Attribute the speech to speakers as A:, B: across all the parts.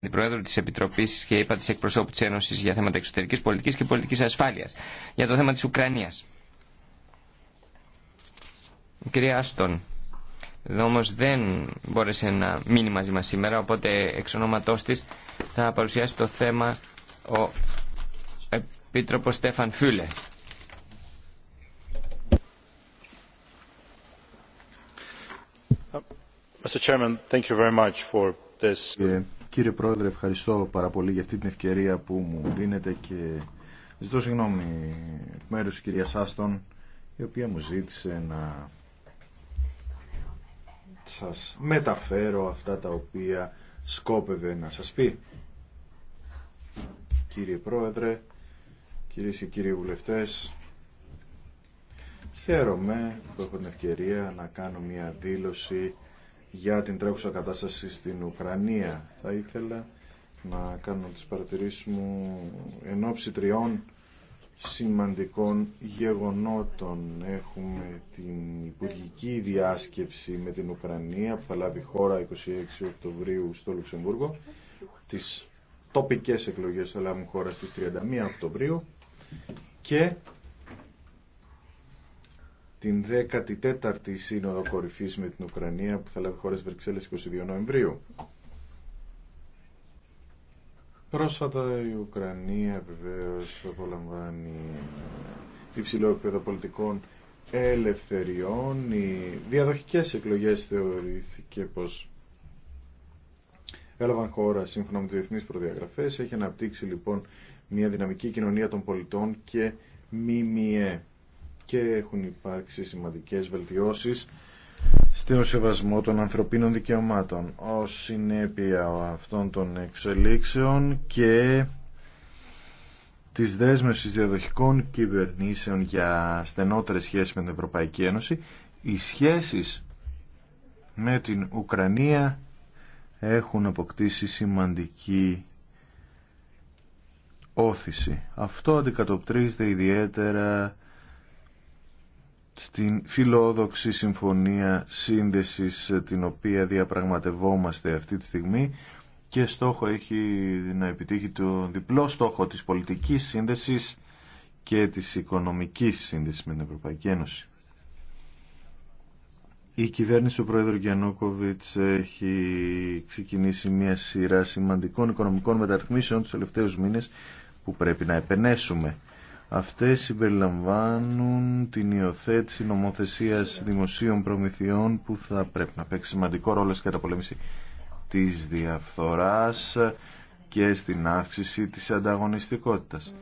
A: την Πρόεδρο τη Επιτροπή και είπα τη εκπροσώπου τη Ένωση για θέματα εξωτερική πολιτική και πολιτική ασφάλεια για το θέμα τη Ουκρανία. κυρία Άστον όμω δεν μπόρεσε να μείνει μαζί μα σήμερα, οπότε εξ ονόματό τη
B: θα παρουσιάσει το θέμα ο Επίτροπο Στέφαν Φούλε.
C: Mr. Chairman, thank you very much for this. Κύριε Πρόεδρε, ευχαριστώ πάρα πολύ για αυτή την ευκαιρία που μου δίνετε και ζητώ συγγνώμη εκ μέρους της κυρίας Άστον, η οποία μου ζήτησε να σας μεταφέρω αυτά τα οποία σκόπευε να σας πει. Κύριε Πρόεδρε, κυρίες και κύριοι βουλευτές, χαίρομαι που έχω την ευκαιρία να κάνω μια δήλωση για την τρέχουσα κατάσταση στην Ουκρανία. Θα ήθελα να κάνω τις παρατηρήσεις μου εν ώψη τριών σημαντικών γεγονότων. Έχουμε την υπουργική διάσκεψη με την Ουκρανία που θα λάβει χώρα 26 Οκτωβρίου στο Λουξεμβούργο. Τις τοπικές εκλογές θα λάβουν χώρα στις 31 Οκτωβρίου και την 14η Σύνοδο κορυφή με την Ουκρανία που θα λάβει χώρε Βρυξέλλε 22 Νοεμβρίου. Πρόσφατα η Ουκρανία βεβαίω απολαμβάνει υψηλό επίπεδο πολιτικών ελευθεριών. Οι διαδοχικές εκλογές θεωρήθηκε πω έλαβαν χώρα σύμφωνα με τι διεθνεί προδιαγραφέ. Έχει αναπτύξει λοιπόν μια δυναμική κοινωνία των πολιτών και ΜΜΕ και έχουν υπάρξει σημαντικές βελτιώσεις στο σεβασμό των ανθρωπίνων δικαιωμάτων. Ως συνέπεια αυτών των εξελίξεων και της δέσμευσης διαδοχικών κυβερνήσεων για στενότερες σχέσεις με την Ευρωπαϊκή Ένωση, οι σχέσεις με την Ουκρανία έχουν αποκτήσει σημαντική όθηση. Αυτό αντικατοπτρίζεται ιδιαίτερα στην φιλόδοξη συμφωνία σύνδεσης ε, την οποία διαπραγματευόμαστε αυτή τη στιγμή και στόχο έχει να επιτύχει το διπλό στόχο της πολιτικής σύνδεσης και της οικονομικής σύνδεσης με την Ευρωπαϊκή Ένωση. Η κυβέρνηση του Πρόεδρου Γιαννόκοβιτς έχει ξεκινήσει μια σειρά σημαντικών οικονομικών μεταρρυθμίσεων τους τελευταίους μήνες που πρέπει να επενέσουμε. Αυτές συμπεριλαμβάνουν την υιοθέτηση νομοθεσίας δημοσίων προμηθειών που θα πρέπει να παίξει σημαντικό ρόλο στην καταπολέμηση της διαφθοράς και στην αύξηση της ανταγωνιστικότητας.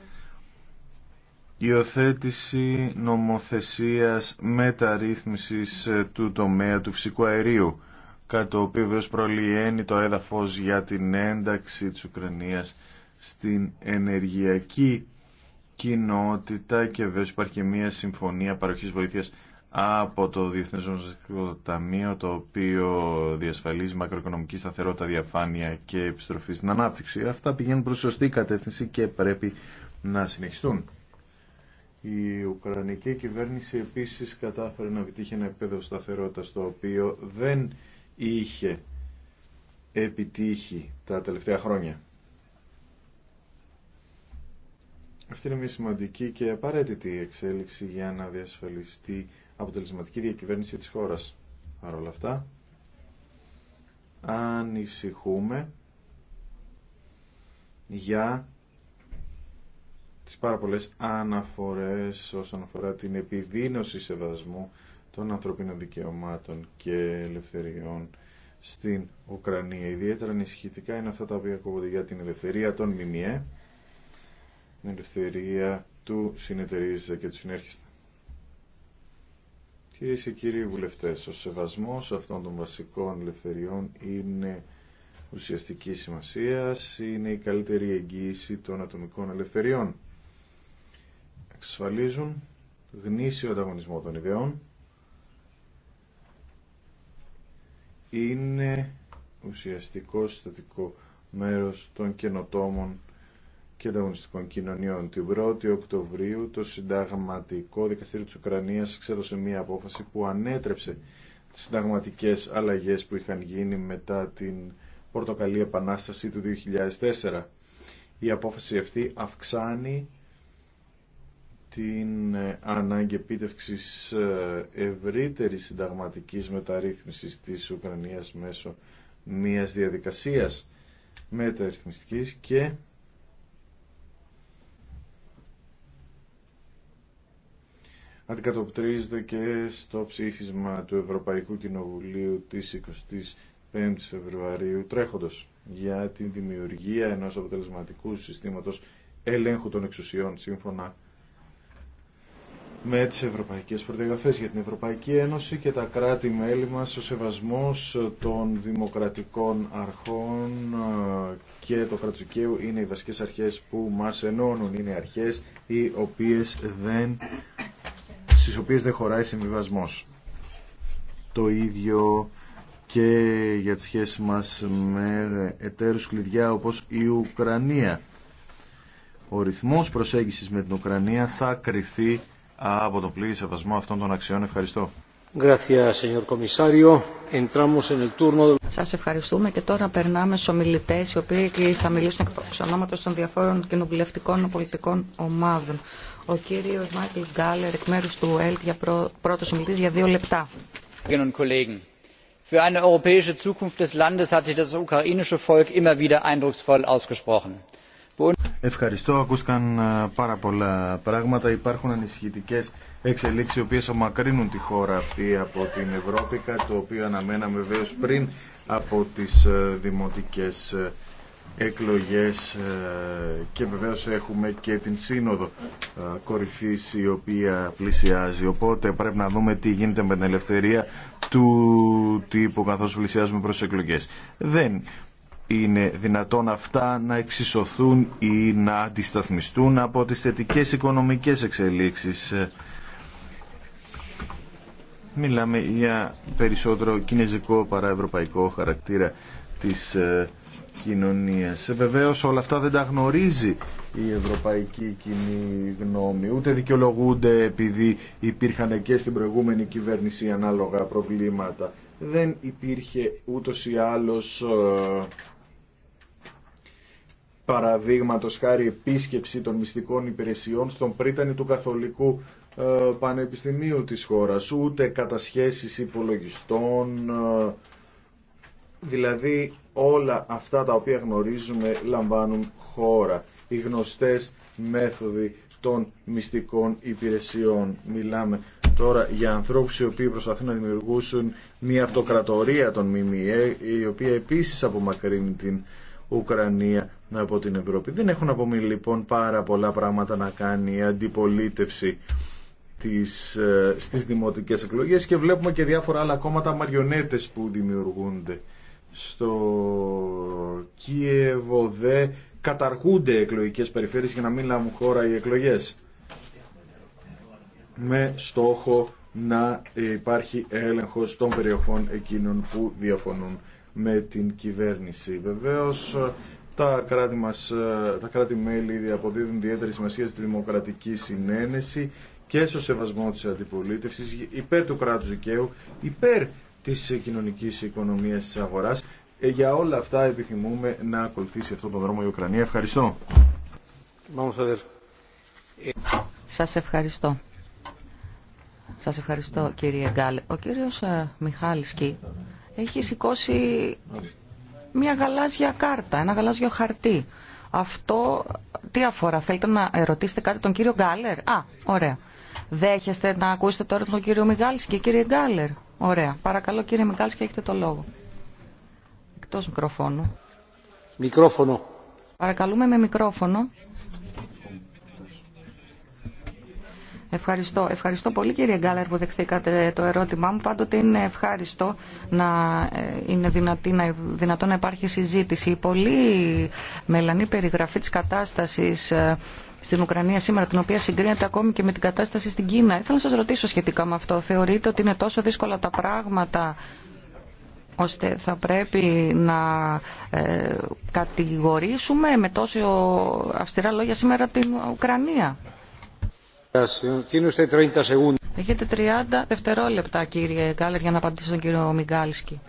C: Υιοθέτηση νομοθεσίας μεταρρύθμισης του τομέα του φυσικού αερίου, κατά το οποίο βέβαια το έδαφος για την ένταξη της Ουκρανίας στην ενεργειακή κοινότητα και βέβαια υπάρχει μια συμφωνία παροχής βοήθειας από το Διεθνές Νομιστικό Ταμείο το οποίο διασφαλίζει μακροοικονομική σταθερότητα, διαφάνεια και επιστροφή στην ανάπτυξη. Αυτά πηγαίνουν προς σωστή κατεύθυνση και πρέπει να συνεχιστούν. Η Ουκρανική κυβέρνηση επίσης κατάφερε να επιτύχει ένα επίπεδο σταθερότητα το οποίο δεν είχε επιτύχει τα τελευταία χρόνια. Αυτή είναι μια σημαντική και απαραίτητη εξέλιξη για να διασφαλιστεί αποτελεσματική διακυβέρνηση της χώρας. Παρ' όλα αυτά, ανησυχούμε για τις πάρα πολλές αναφορές όσον αφορά την επιδείνωση σεβασμού των ανθρωπίνων δικαιωμάτων και ελευθεριών στην Ουκρανία. Ιδιαίτερα ανησυχητικά είναι αυτά τα οποία ακούγονται για την ελευθερία των ΜΜΕ την ελευθερία του συνεταιρίζεται και του συνέρχεστε. Κυρίε και κύριοι βουλευτές, ο σεβασμό αυτών των βασικών ελευθεριών είναι ουσιαστική σημασία, είναι η καλύτερη εγγύηση των ατομικών ελευθεριών. Εξασφαλίζουν γνήσιο ανταγωνισμό των ιδεών, είναι ουσιαστικό συστατικό μέρος των καινοτόμων και ανταγωνιστικών κοινωνιών. Την 1η Οκτωβρίου το Συνταγματικό Δικαστήριο της Ουκρανίας εξέδωσε μία απόφαση που ανέτρεψε τις συνταγματικές αλλαγές που είχαν γίνει μετά την Πορτοκαλή Επανάσταση του 2004. Η απόφαση αυτή αυξάνει την ε, ανάγκη επίτευξης ε, ευρύτερης συνταγματικής μεταρρύθμισης της Ουκρανίας μέσω μιας διαδικασίας μεταρρυθμιστικής και αντικατοπτρίζεται και στο ψήφισμα του Ευρωπαϊκού Κοινοβουλίου της 25ης Φεβρουαρίου τρέχοντος για τη δημιουργία ενός αποτελεσματικού συστήματος ελέγχου των εξουσιών σύμφωνα με τις ευρωπαϊκές προδιαγραφές για την Ευρωπαϊκή Ένωση και τα κράτη-μέλη μας ο σεβασμός των δημοκρατικών αρχών ε, και το κράτος είναι οι βασικές αρχές που μας ενώνουν, είναι αρχές οι οποίες δεν στις οποίες δεν χωράει συμβιβασμός. Το ίδιο και για τις σχέσεις μας με εταίρους κλειδιά όπως η Ουκρανία. Ο ρυθμός προσέγγισης με την Ουκρανία θα κριθεί από τον πλήρη σεβασμό αυτών των αξιών. Ευχαριστώ.
D: Σα ευχαριστούμε και τώρα περνάμε στου ομιλητέ, οι οποίοι θα μιλήσουν εκ ονόματο των διαφόρων κοινοβουλευτικών πολιτικών ομάδων. Ο κύριο Μάικλ Γκάλερ εκ μέρου του ΕΛΤ, για πρώτος ομιλητής για δύο λεπτά. Für eine europäische Zukunft des Landes hat sich das ukrainische Volk immer wieder eindrucksvoll ausgesprochen.
C: Ευχαριστώ. Ακούστηκαν ε, πάρα πολλά πράγματα. Υπάρχουν ανησυχητικές εξελίξεις οι οποίε ομακρύνουν τη χώρα αυτή από την Ευρώπη, κάτι το οποίο αναμέναμε βεβαίω πριν από τις ε, δημοτικές ε, εκλογές ε, και βεβαίω έχουμε και την σύνοδο κορυφής η οποία πλησιάζει οπότε πρέπει να δούμε τι γίνεται με την ελευθερία του τύπου καθώ πλησιάζουμε προς εκλογές δεν είναι δυνατόν αυτά να εξισωθούν ή να αντισταθμιστούν από τις θετικές οικονομικές εξελίξεις μιλάμε για περισσότερο κινέζικο παρά ευρωπαϊκό χαρακτήρα της ε, κοινωνίας. Βεβαίως όλα αυτά δεν τα γνωρίζει η ευρωπαϊκή κοινή γνώμη, ούτε δικαιολογούνται επειδή υπήρχαν και στην προηγούμενη κυβέρνηση ανάλογα προβλήματα. Δεν υπήρχε ούτως ή άλλως ε, παραδείγματος χάρη επίσκεψη των μυστικών υπηρεσιών στον πρίτανη του καθολικού ε, πανεπιστημίου της χώρας, ούτε κατά κατασχέσεις υπολογιστών, ε, δηλαδή όλα αυτά τα οποία γνωρίζουμε λαμβάνουν χώρα. Οι γνωστές μέθοδοι των μυστικών υπηρεσιών. Μιλάμε τώρα για ανθρώπους οι οποίοι προσπαθούν να δημιουργούσουν μια αυτοκρατορία των ΜΜΕ, η οποία επίσης απομακρύνει την Ουκρανία από την Ευρώπη. Δεν έχουν απομείνει λοιπόν πάρα πολλά πράγματα να κάνει η αντιπολίτευση στις, ε, στις δημοτικές εκλογές και βλέπουμε και διάφορα άλλα κόμματα μαριονέτες που δημιουργούνται. Στο Κίεβο δε καταρχούνται εκλογικές περιφέρειες για να μην λάβουν χώρα οι εκλογές με στόχο να υπάρχει έλεγχος των περιοχών εκείνων που διαφωνούν με την κυβέρνηση. Βεβαίως τα κράτη, μας, ε, τα κράτη μέλη αποδίδουν ιδιαίτερη σημασία στη δημοκρατική συνένεση και στο σεβασμό της αντιπολίτευσης υπέρ του κράτους δικαίου, υπέρ της κοινωνικής οικονομίας της αγοράς. Ε, για όλα αυτά επιθυμούμε να ακολουθήσει αυτόν τον δρόμο η Ουκρανία. Ευχαριστώ.
D: Σας ευχαριστώ. Σας ευχαριστώ κύριε Γκάλε. Ο κύριος ε, Μιχάλησκι έχει σηκώσει μια γαλάζια κάρτα, ένα γαλάζιο χαρτί. Αυτό τι αφορά, θέλετε να ερωτήσετε κάτι τον κύριο Γκάλερ. Α, ωραία. Δέχεστε να ακούσετε τώρα τον κύριο Μιγάλης και κύριε Γκάλερ. Ωραία. Παρακαλώ κύριε Μιγάλης και έχετε το λόγο. Εκτός μικροφώνου.
B: Μικρόφωνο.
D: Παρακαλούμε με μικρόφωνο. Ευχαριστώ. Ευχαριστώ πολύ κύριε Γκάλερ που δεχθήκατε το ερώτημά μου. Πάντοτε είναι ευχάριστο να ε, είναι δυνατή, να, δυνατό να υπάρχει συζήτηση. Η πολύ μελανή περιγραφή της κατάστασης ε, στην Ουκρανία σήμερα, την οποία συγκρίνεται ακόμη και με την κατάσταση στην Κίνα. Ήθελα να σα ρωτήσω σχετικά με αυτό. Θεωρείτε ότι είναι τόσο δύσκολα τα πράγματα ώστε θα πρέπει να ε, κατηγορήσουμε με τόσο αυστηρά λόγια σήμερα την Ουκρανία. Έχετε 30 δευτερόλεπτα κύριε Γκάλερ για να απαντήσω τον κύριο Μιγκάλσκι.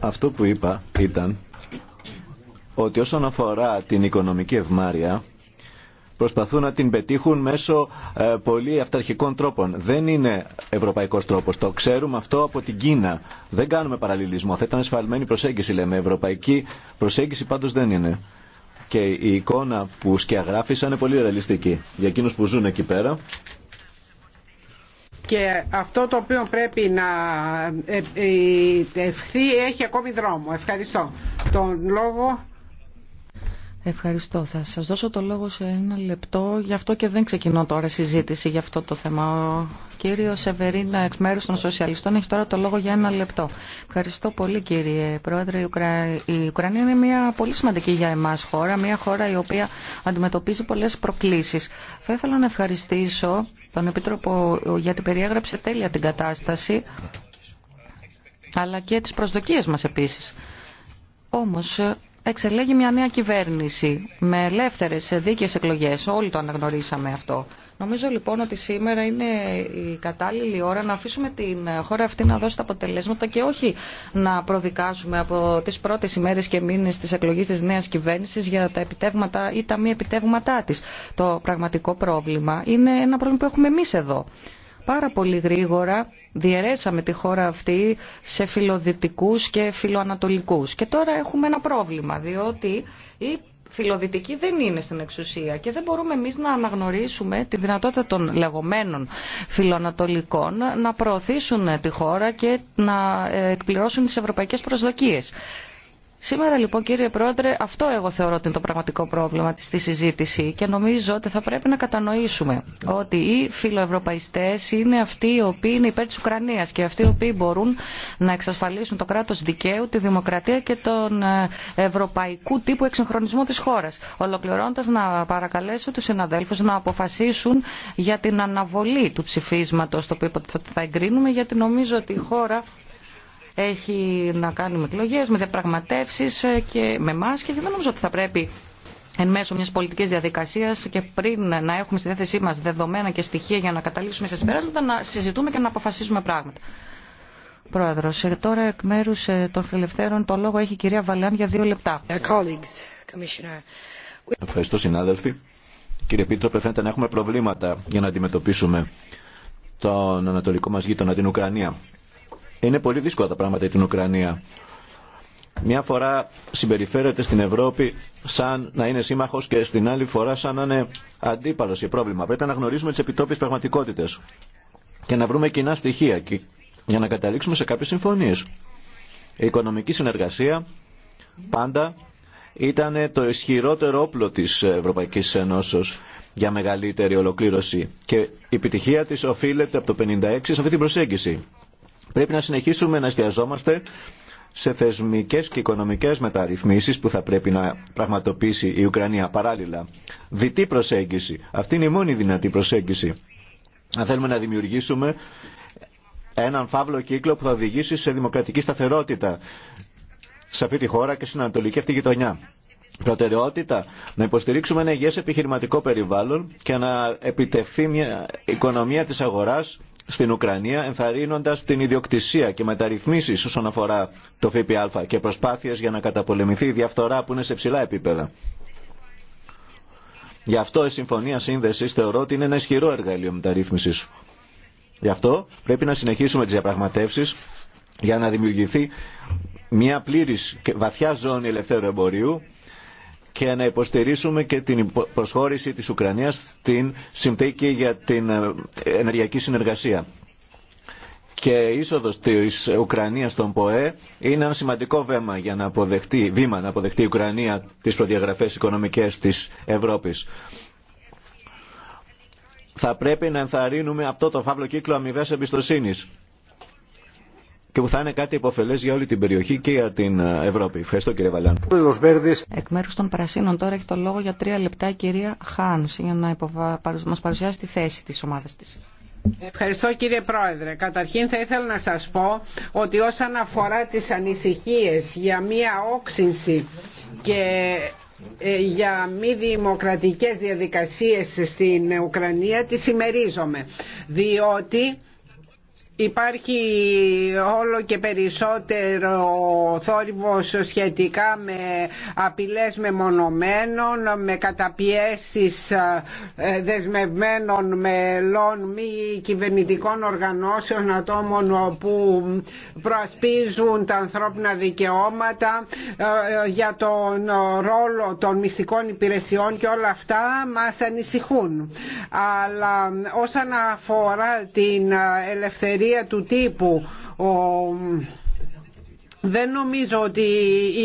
B: Αυτό που είπα ήταν ότι όσον αφορά την οικονομική ευμάρεια προσπαθούν να την πετύχουν μέσω πολύ αυταρχικών τρόπων. Δεν είναι ευρωπαϊκός τρόπος. Το ξέρουμε αυτό από την Κίνα. Δεν κάνουμε παραλληλισμό. Θα ήταν ασφαλμένη προσέγγιση λέμε. Ευρωπαϊκή προσέγγιση πάντως δεν είναι. Και η εικόνα που σκιαγράφησαν είναι πολύ ρεαλιστική για εκείνους που ζουν εκεί πέρα.
A: Και αυτό το οποίο πρέπει να ευχθεί έχει ακόμη δρόμο. Ευχαριστώ. Τον λόγο
D: Ευχαριστώ. Θα σας δώσω το λόγο σε ένα λεπτό. Γι' αυτό και δεν ξεκινώ τώρα συζήτηση για αυτό το θέμα. Ο κύριος Σεβερίνα, εκ μέρους των σοσιαλιστών, έχει τώρα το λόγο για ένα λεπτό. Ευχαριστώ πολύ κύριε Πρόεδρε. Η, Ουκρανία είναι μια πολύ σημαντική για εμάς χώρα, μια χώρα η οποία αντιμετωπίζει πολλές προκλήσεις. Θα ήθελα να ευχαριστήσω τον Επίτροπο γιατί περιέγραψε τέλεια την κατάσταση, αλλά και τις προσδοκίες μας επίσης. Όμως εξελέγει μια νέα κυβέρνηση με ελεύθερες δίκαιες εκλογές. Όλοι το αναγνωρίσαμε αυτό. Νομίζω λοιπόν ότι σήμερα είναι η κατάλληλη ώρα να αφήσουμε την χώρα αυτή να δώσει τα αποτελέσματα και όχι να προδικάσουμε από τις πρώτες ημέρες και μήνε τη εκλογή τη νέα κυβέρνηση για τα επιτεύγματα ή τα μη επιτεύγματά τη. Το πραγματικό πρόβλημα είναι ένα πρόβλημα που έχουμε εμεί εδώ πάρα πολύ γρήγορα διαιρέσαμε τη χώρα αυτή σε φιλοδυτικούς και φιλοανατολικούς. Και τώρα έχουμε ένα πρόβλημα, διότι η φιλοδυτικοί δεν είναι στην εξουσία και δεν μπορούμε εμείς να αναγνωρίσουμε τη δυνατότητα των λεγόμενων φιλοανατολικών να προωθήσουν τη χώρα και να ε, εκπληρώσουν τις ευρωπαϊκές προσδοκίες. Σήμερα λοιπόν κύριε Πρόεδρε αυτό εγώ θεωρώ ότι είναι το πραγματικό πρόβλημα στη συζήτηση και νομίζω ότι θα πρέπει να κατανοήσουμε ότι οι φιλοευρωπαϊστές είναι αυτοί οι οποίοι είναι υπέρ της Ουκρανίας και αυτοί οι οποίοι μπορούν να εξασφαλίσουν το κράτος δικαίου, τη δημοκρατία και τον ε, ευρωπαϊκού τύπου εξυγχρονισμό της χώρας. Ολοκληρώνοντας, να παρακαλέσω τους συναδέλφους να αποφασίσουν για την αναβολή του ψηφίσματος το οποίο θα εγκρίνουμε γιατί νομίζω ότι η χώρα έχει να κάνει με εκλογέ, με διαπραγματεύσει ε, και με εμά και δεν νομίζω ότι θα πρέπει εν μέσω μια πολιτική διαδικασία και πριν να έχουμε στη διάθεσή μα δεδομένα και στοιχεία για να καταλήξουμε σε συμπεράσματα, να συζητούμε και να αποφασίζουμε πράγματα. Πρόεδρο, ε, τώρα εκ μέρου ε, των φιλελευθέρων το λόγο έχει η κυρία Βαλάν για δύο λεπτά.
B: Ευχαριστώ, συνάδελφοι. Κύριε Πίτροπε, φαίνεται να έχουμε προβλήματα για να αντιμετωπίσουμε τον ανατολικό μας γείτονα, την Ουκρανία. Είναι πολύ δύσκολα τα πράγματα για την Ουκρανία. Μια φορά συμπεριφέρεται στην Ευρώπη σαν να είναι σύμμαχος και στην άλλη φορά σαν να είναι αντίπαλος ή πρόβλημα. Πρέπει να γνωρίζουμε τις επιτόπιες πραγματικότητες και να βρούμε κοινά στοιχεία για να καταλήξουμε σε κάποιες συμφωνίες. Η οικονομική συνεργασία πάντα ήταν το ισχυρότερο όπλο της Ευρωπαϊκής Ενώσεως για μεγαλύτερη ολοκλήρωση και η επιτυχία της οφείλεται από το 1956 σε αυτή την προσέγγιση. Πρέπει να συνεχίσουμε να εστιαζόμαστε σε θεσμικέ και οικονομικέ μεταρρυθμίσει που θα πρέπει να πραγματοποιήσει η Ουκρανία παράλληλα. Δυτή προσέγγιση. Αυτή είναι η μόνη δυνατή προσέγγιση. Αν θέλουμε να δημιουργήσουμε έναν φαύλο κύκλο που θα οδηγήσει σε δημοκρατική σταθερότητα σε αυτή τη χώρα και στην Ανατολική αυτή γειτονιά. Προτεραιότητα να υποστηρίξουμε ένα υγιές επιχειρηματικό περιβάλλον και να επιτευχθεί μια οικονομία της αγοράς στην Ουκρανία ενθαρρύνοντας την ιδιοκτησία και μεταρρυθμίσεις όσον αφορά το ΦΠΑ και προσπάθειες για να καταπολεμηθεί η διαφθορά που είναι σε ψηλά επίπεδα. Γι' αυτό η Συμφωνία Σύνδεσης θεωρώ ότι είναι ένα ισχυρό εργαλείο μεταρρύθμιση. Γι' αυτό πρέπει να συνεχίσουμε τις διαπραγματεύσει για να δημιουργηθεί μια πλήρη και βαθιά ζώνη ελευθέρου εμπορίου και να υποστηρίσουμε και την προσχώρηση της Ουκρανίας στην συνθήκη για την ε, ενεργειακή συνεργασία. Και η είσοδος της Ουκρανίας στον ΠΟΕ είναι ένα σημαντικό βήμα για να αποδεχτεί, βήμα να αποδεχτεί η Ουκρανία τις προδιαγραφές οικονομικές της Ευρώπης. Θα πρέπει να ενθαρρύνουμε αυτό το φαύλο κύκλο αμοιβέ εμπιστοσύνη και που θα είναι κάτι υποφελέ για όλη την περιοχή και για την ε, Ευρώπη. Ευχαριστώ κύριε Βαλάν.
D: Εκ μέρου των Πρασίνων τώρα έχει το λόγο για τρία λεπτά η κυρία Χάν για να μα παρουσιάσει τη θέση τη ομάδα τη.
A: Ευχαριστώ κύριε Πρόεδρε. Καταρχήν θα ήθελα να σας πω ότι όσον αφορά τις ανησυχίες για μία όξυνση και ε, για μη δημοκρατικές διαδικασίες στην Ουκρανία τις ημερίζομαι διότι Υπάρχει όλο και περισσότερο θόρυβος σχετικά με απειλές μεμονωμένων, με καταπιέσεις ε, δεσμευμένων μελών μη κυβερνητικών οργανώσεων ατόμων που προασπίζουν τα ανθρώπινα δικαιώματα ε, για τον ρόλο των μυστικών υπηρεσιών και όλα αυτά μας ανησυχούν. Αλλά ε, όσον αφορά την ελευθερία ελευθερία του τύπου ο δεν νομίζω ότι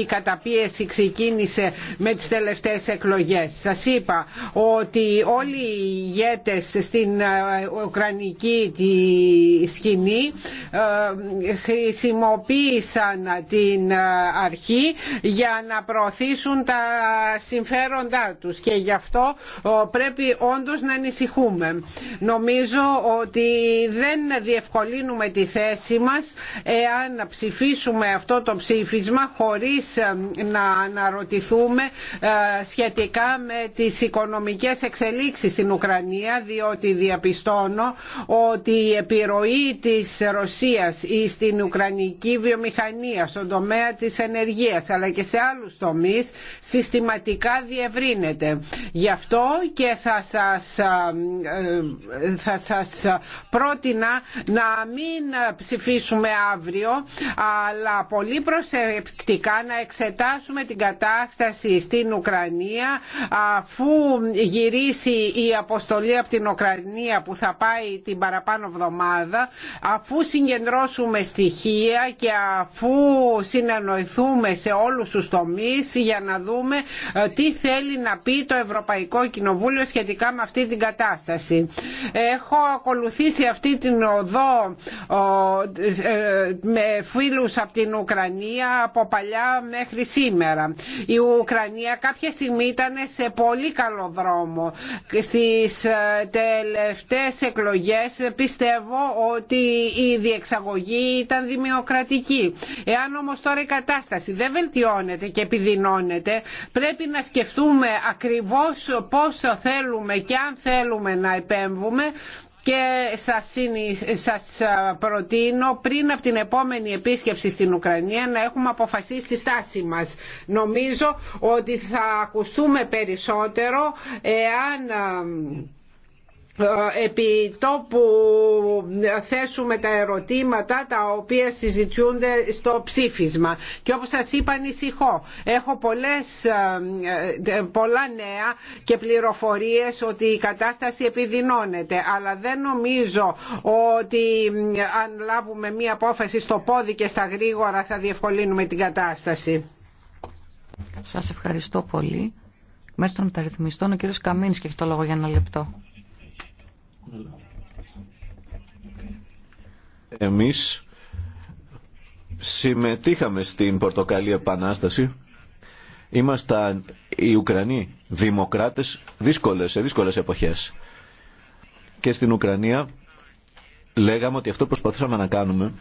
A: η καταπίεση ξεκίνησε με τις τελευταίες εκλογές. Σας είπα ότι όλοι οι ηγέτες στην ε, ουκρανική τη σκηνή ε, χρησιμοποίησαν την ε, αρχή για να προωθήσουν τα συμφέροντά τους και γι' αυτό πρέπει όντως να ανησυχούμε. Νομίζω ότι δεν διευκολύνουμε τη θέση μας εάν ψηφίσουμε αυτό το ψήφισμα χωρίς ε, να αναρωτηθούμε ε, σχετικά με τις οικονομικές εξελίξεις στην Ουκρανία διότι διαπιστώνω ότι η επιρροή της Ρωσίας στην Ουκρανική βιομηχανία, στον τομέα της ενεργείας αλλά και σε άλλους τομείς συστηματικά διευρύνεται. Γι' αυτό και θα σας, ε, θα σας πρότεινα να μην ψηφίσουμε αύριο αλλά πολύ προσεκτικά να εξετάσουμε την κατάσταση στην Ουκρανία αφού γυρίσει η αποστολή από την Ουκρανία που θα πάει την παραπάνω εβδομάδα αφού συγκεντρώσουμε στοιχεία και αφού συνανοηθούμε σε όλους τους τομείς για να δούμε ε, τι θέλει να πει το Ευρωπαϊκό Κοινοβούλιο σχετικά με αυτή την κατάσταση. Έχω ακολουθήσει αυτή την οδό ε, ε, με φίλους από την Ουκρανία Ουκρανία από παλιά μέχρι σήμερα. Η Ουκρανία κάποια στιγμή ήταν σε πολύ καλό δρόμο. Στις ε, τελευταίες εκλογές πιστεύω ότι η διεξαγωγή ήταν δημοκρατική. Εάν όμως τώρα η κατάσταση δεν βελτιώνεται και επιδεινώνεται πρέπει να σκεφτούμε ακριβώς πώς θέλουμε και αν θέλουμε να επέμβουμε και σας προτείνω πριν από την επόμενη επίσκεψη στην Ουκρανία να έχουμε αποφασίσει τη στάση μας. Νομίζω ότι θα ακουστούμε περισσότερο εάν ε, επί που θέσουμε τα ερωτήματα τα οποία συζητιούνται στο ψήφισμα και όπως σας είπα ανησυχώ έχω πολλές, ε, ε, πολλά νέα και πληροφορίες ότι η κατάσταση επιδεινώνεται αλλά δεν νομίζω ότι αν λάβουμε μία απόφαση στο πόδι και στα γρήγορα θα διευκολύνουμε την κατάσταση
D: Σας ευχαριστώ πολύ Μέχρι των μεταρρυθμιστών ο κύριος Καμίνης και έχει το λόγο για ένα λεπτό
B: εμείς συμμετείχαμε στην Πορτοκαλή Επανάσταση. Ήμασταν οι Ουκρανοί δημοκράτες δύσκολες, σε δύσκολες εποχές. Και στην Ουκρανία λέγαμε ότι αυτό που προσπαθούσαμε να κάνουμε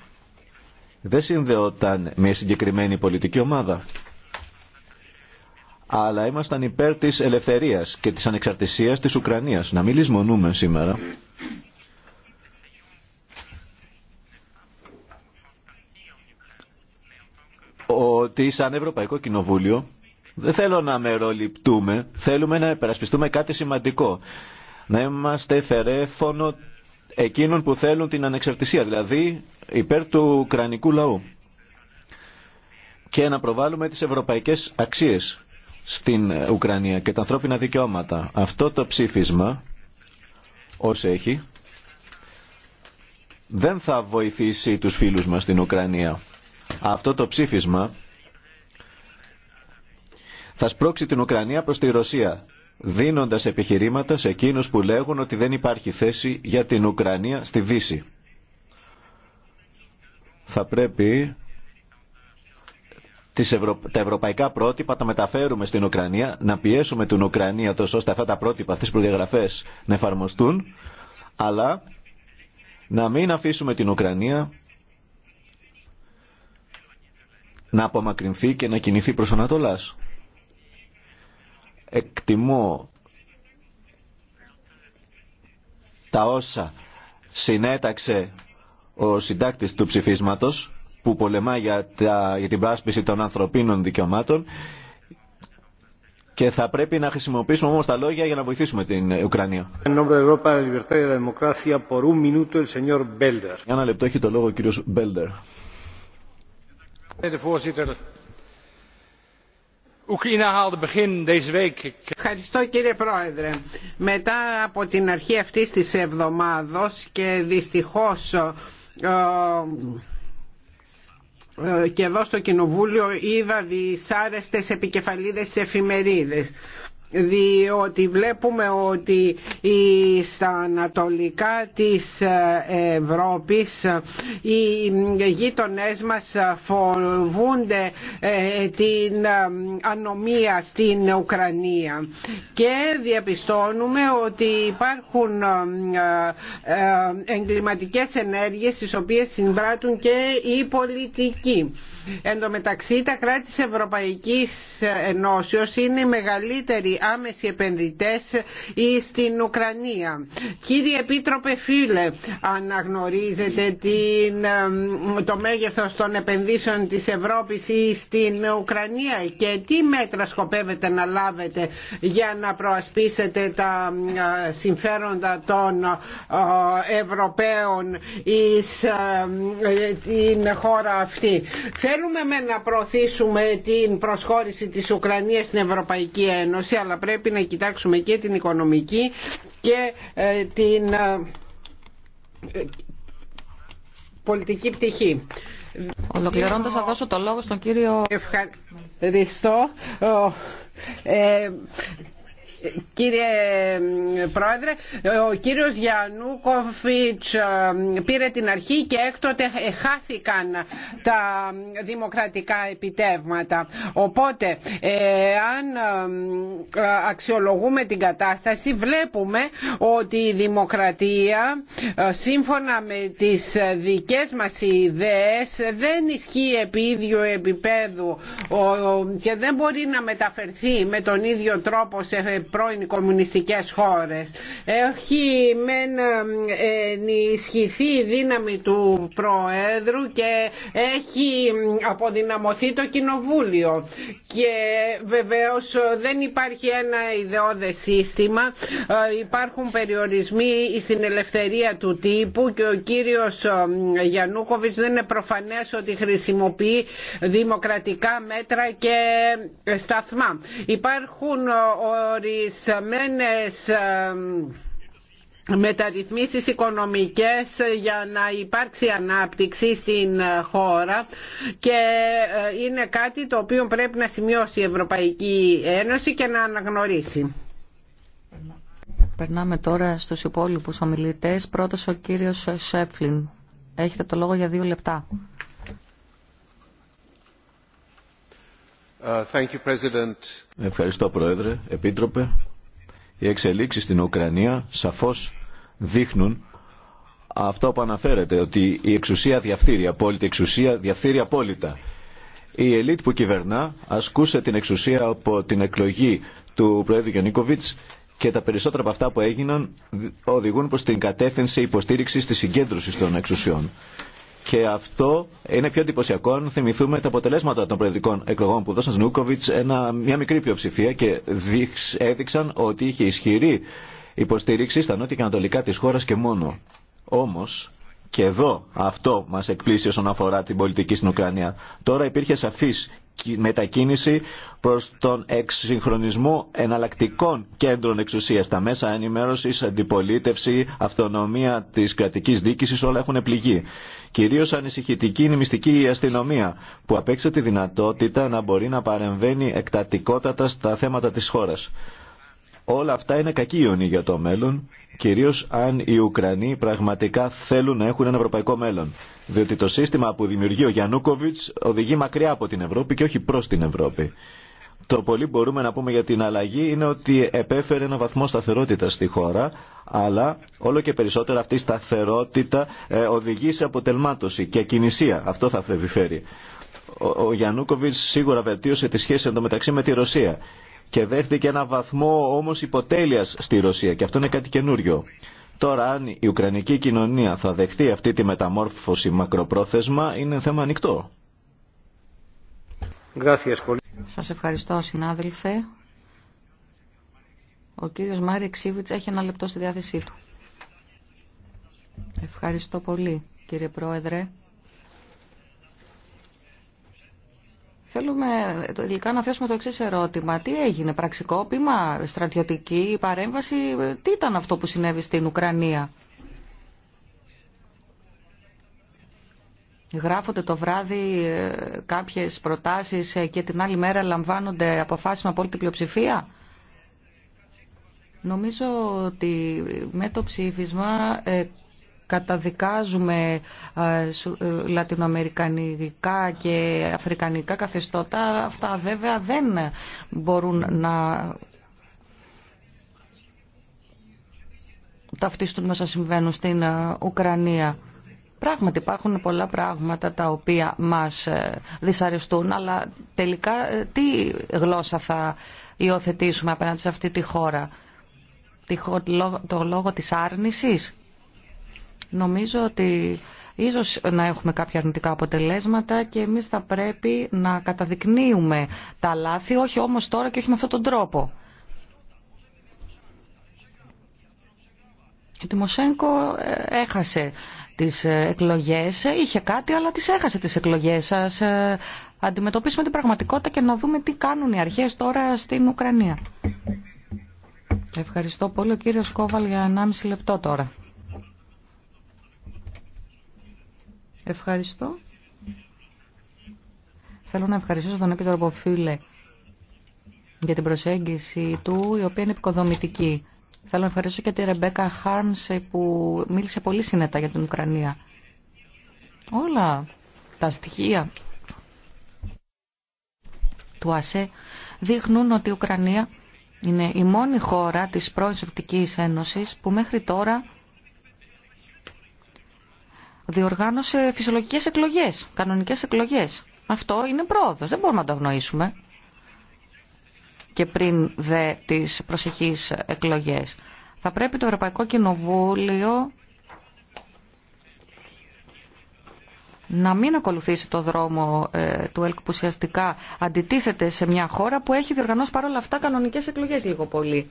B: δεν συνδεόταν με συγκεκριμένη πολιτική ομάδα αλλά ήμασταν υπέρ της ελευθερίας και της ανεξαρτησίας της Ουκρανίας. Να μην λησμονούμε σήμερα. ότι σαν Ευρωπαϊκό Κοινοβούλιο δεν θέλω να μεροληπτούμε, θέλουμε να υπερασπιστούμε κάτι σημαντικό. Να είμαστε φερέφωνο εκείνων που θέλουν την ανεξαρτησία, δηλαδή υπέρ του ουκρανικού λαού. Και να προβάλλουμε τις ευρωπαϊκές αξίες στην Ουκρανία και τα ανθρώπινα δικαιώματα. Αυτό το ψήφισμα όσο έχει δεν θα βοηθήσει τους φίλους μας στην Ουκρανία. Αυτό το ψήφισμα θα σπρώξει την Ουκρανία προς τη Ρωσία δίνοντας επιχειρήματα σε εκείνους που λέγουν ότι δεν υπάρχει θέση για την Ουκρανία στη Δύση. Θα πρέπει τα ευρωπαϊκά πρότυπα τα μεταφέρουμε στην Ουκρανία, να πιέσουμε την Ουκρανία τόσο ώστε αυτά τα πρότυπα, αυτές τις προδιαγραφές να εφαρμοστούν, αλλά να μην αφήσουμε την Ουκρανία να απομακρυνθεί και να κινηθεί προς Ανατολάς. Εκτιμώ τα όσα συνέταξε ο συντάκτης του ψηφίσματος που πολεμά για, τα, για την πράσπιση των ανθρωπίνων δικαιωμάτων και θα πρέπει να χρησιμοποιήσουμε όμως τα λόγια για να βοηθήσουμε την Ουκρανία. ένα λεπτό έχει το λόγο ο κύριος Μπέλντερ.
A: Ευχαριστώ κύριε Πρόεδρε. Μετά από την αρχή αυτής της εβδομάδος και δυστυχώς... Ε, και εδώ στο Κοινοβούλιο είδα δυσάρεστες επικεφαλίδες στις εφημερίδες διότι βλέπουμε ότι στα ανατολικά της ε, Ευρώπης οι γείτονές μας φοβούνται ε, την ε, ανομία στην Ουκρανία και διαπιστώνουμε ότι υπάρχουν εγκληματικές ενέργειες τις οποίες συμπράττουν και οι πολιτικοί. Εν τω μεταξύ τα κράτη της Ευρωπαϊκής Ενώσεως είναι οι μεγαλύτεροι άμεσοι επενδυτές στην Ουκρανία. Κύριε Επίτροπε Φίλε, αναγνωρίζετε την, το μέγεθος των επενδύσεων της Ευρώπης στην Ουκρανία και τι μέτρα σκοπεύετε να λάβετε για να προασπίσετε τα ε, συμφέροντα των ε, Ευρωπαίων στην ε, χώρα αυτή. Θέλουμε με να προωθήσουμε την προσχώρηση της Ουκρανίας στην Ευρωπαϊκή Ένωση αλλά πρέπει να κοιτάξουμε και την οικονομική και ε, την ε, πολιτική πτυχή. Ολοκληρώντας θα δώσω το λόγο στον κύριο... Ευχαριστώ. Ε, Κύριε Πρόεδρε, ο κύριος Γιαννούκοφιτς ε, πήρε την αρχή και έκτοτε ε, χάθηκαν τα δημοκρατικά επιτεύγματα. Οπότε, ε, αν αξιολογούμε την κατάσταση, βλέπουμε ότι η δημοκρατία, σύμφωνα με τις δικές μας ιδέες, δεν ισχύει επί ίδιου επίπεδου και δεν μπορεί να μεταφερθεί με τον ίδιο τρόπο σε πρώην κομμουνιστικές χώρες. Έχει μεν ε, ενισχυθεί η δύναμη του Προέδρου και έχει αποδυναμωθεί το Κοινοβούλιο και βεβαίως ε, δεν υπάρχει ένα ιδεώδες σύστημα ε, υπάρχουν περιορισμοί στην ελευθερία του τύπου και ο κύριος Γιαννούκοβιτς δεν είναι προφανές ότι χρησιμοποιεί δημοκρατικά μέτρα και σταθμά υπάρχουν μένες μεταρρυθμίσεις οικονομικές για να υπάρξει ανάπτυξη στην χώρα και ε, είναι κάτι το οποίο πρέπει να σημειώσει η Ευρωπαϊκή Ένωση και να αναγνωρίσει.
D: Περνάμε τώρα στους υπόλοιπους ομιλητές. Πρώτος ο κύριος Σέφλιν. Έχετε το λόγο για δύο λεπτά.
C: Uh,
B: Ευχαριστώ Πρόεδρε, Επίτροπε. Οι εξελίξεις στην Ουκρανία σαφώς δείχνουν αυτό που αναφέρεται, ότι η εξουσία διαφθείρει απόλυτη, εξουσία διαφθείρει απόλυτα. Η ελίτ που κυβερνά ασκούσε την εξουσία από την εκλογή του Προέδρου Γιονίκοβιτς και τα περισσότερα από αυτά που έγιναν οδηγούν προς την κατεύθυνση υποστήριξης της συγκέντρωσης των εξουσιών. Και αυτό είναι πιο εντυπωσιακό αν θυμηθούμε τα αποτελέσματα των προεδρικών εκλογών που δώσαν Νούκοβιτ μια μικρή πλειοψηφία και έδειξαν ότι είχε ισχυρή υποστήριξη στα νότια και ανατολικά τη χώρα και μόνο. Όμω, και εδώ αυτό μα εκπλήσει όσον αφορά την πολιτική στην Ουκρανία. Τώρα υπήρχε σαφή μετακίνηση προς τον εξυγχρονισμό εναλλακτικών κέντρων εξουσίας. Τα μέσα ενημέρωσης, αντιπολίτευση, αυτονομία της κρατικής δίκησης όλα έχουν πληγεί. Κυρίως ανησυχητική είναι η μυστική αστυνομία που απέξε τη δυνατότητα να μπορεί να παρεμβαίνει εκτατικότατα στα θέματα της χώρας. Όλα αυτά είναι κακή για το μέλλον, κυρίως αν οι Ουκρανοί πραγματικά θέλουν να έχουν ένα ευρωπαϊκό μέλλον. Διότι το σύστημα που δημιουργεί ο Γιαννούκοβιτς οδηγεί μακριά από την Ευρώπη και όχι προς την Ευρώπη. Το πολύ μπορούμε να πούμε για την αλλαγή είναι ότι επέφερε ένα βαθμό σταθερότητα στη χώρα, αλλά όλο και περισσότερο αυτή η σταθερότητα ε, οδηγεί σε αποτελμάτωση και κινησία. Αυτό θα φρεβιφέρει. Ο, ο Γιαννούκοβιτ σίγουρα βελτίωσε τι σχέσει εντωμεταξύ με τη Ρωσία και δέχτηκε ένα βαθμό όμως υποτέλειας στη Ρωσία και αυτό είναι κάτι καινούριο. Τώρα αν η Ουκρανική κοινωνία θα δεχτεί αυτή τη μεταμόρφωση μακροπρόθεσμα
D: είναι θέμα ανοιχτό. Σας ευχαριστώ συνάδελφε. Ο κύριος Μάρι έχει ένα λεπτό στη διάθεσή του. Ευχαριστώ πολύ κύριε Πρόεδρε. Θέλουμε τελικά να θέσουμε το εξή ερώτημα. Τι έγινε, πραξικόπημα, στρατιωτική παρέμβαση, τι ήταν αυτό που συνέβη στην Ουκρανία. Γράφονται το βράδυ ε, κάποιες προτάσεις ε, και την άλλη μέρα λαμβάνονται αποφάσεις με απόλυτη πλειοψηφία. Νομίζω ότι με το ψήφισμα ε, καταδικάζουμε ε, ε, λατινοαμερικανικά και αφρικανικά καθεστώτα, αυτά βέβαια δεν μπορούν να ταυτιστούν όσα συμβαίνουν στην ε, Ουκρανία. Πράγματι υπάρχουν πολλά πράγματα τα οποία μας δυσαρεστούν, αλλά τελικά τι γλώσσα θα υιοθετήσουμε απέναντι σε αυτή τη χώρα. Το λόγο της άρνησης, Νομίζω ότι ίσως να έχουμε κάποια αρνητικά αποτελέσματα και εμείς θα πρέπει να καταδεικνύουμε τα λάθη, όχι όμως τώρα και όχι με αυτόν τον τρόπο. Η Τιμοσέγκο ε, έχασε τις ε, εκλογές, είχε κάτι αλλά τις έχασε τις εκλογές σας. Ε, αντιμετωπίσουμε την πραγματικότητα και να δούμε τι κάνουν οι αρχές τώρα στην Ουκρανία. Ευχαριστώ πολύ ο κύριος Κόβαλ για 1,5 λεπτό τώρα. Ευχαριστώ. Θέλω να ευχαριστήσω τον Επίτροπο Φίλε για την προσέγγιση του, η οποία είναι επικοδομητική. Θέλω να ευχαριστήσω και τη Ρεμπέκα Χάρνσε που μίλησε πολύ συνετά για την Ουκρανία. Όλα τα στοιχεία του ΑΣΕ δείχνουν ότι η Ουκρανία είναι η μόνη χώρα της πρώην σοβιετικής Ένωσης που μέχρι τώρα διοργάνωσε φυσιολογικές εκλογές, κανονικές εκλογές. Αυτό είναι πρόοδο. δεν μπορούμε να το αγνοήσουμε. Και πριν δε τις προσεχείς εκλογές. Θα πρέπει το Ευρωπαϊκό Κοινοβούλιο να μην ακολουθήσει το δρόμο ε, του ΕΛΚ που ουσιαστικά αντιτίθεται σε μια χώρα που έχει διοργανώσει παρόλα αυτά κανονικές εκλογές λίγο πολύ.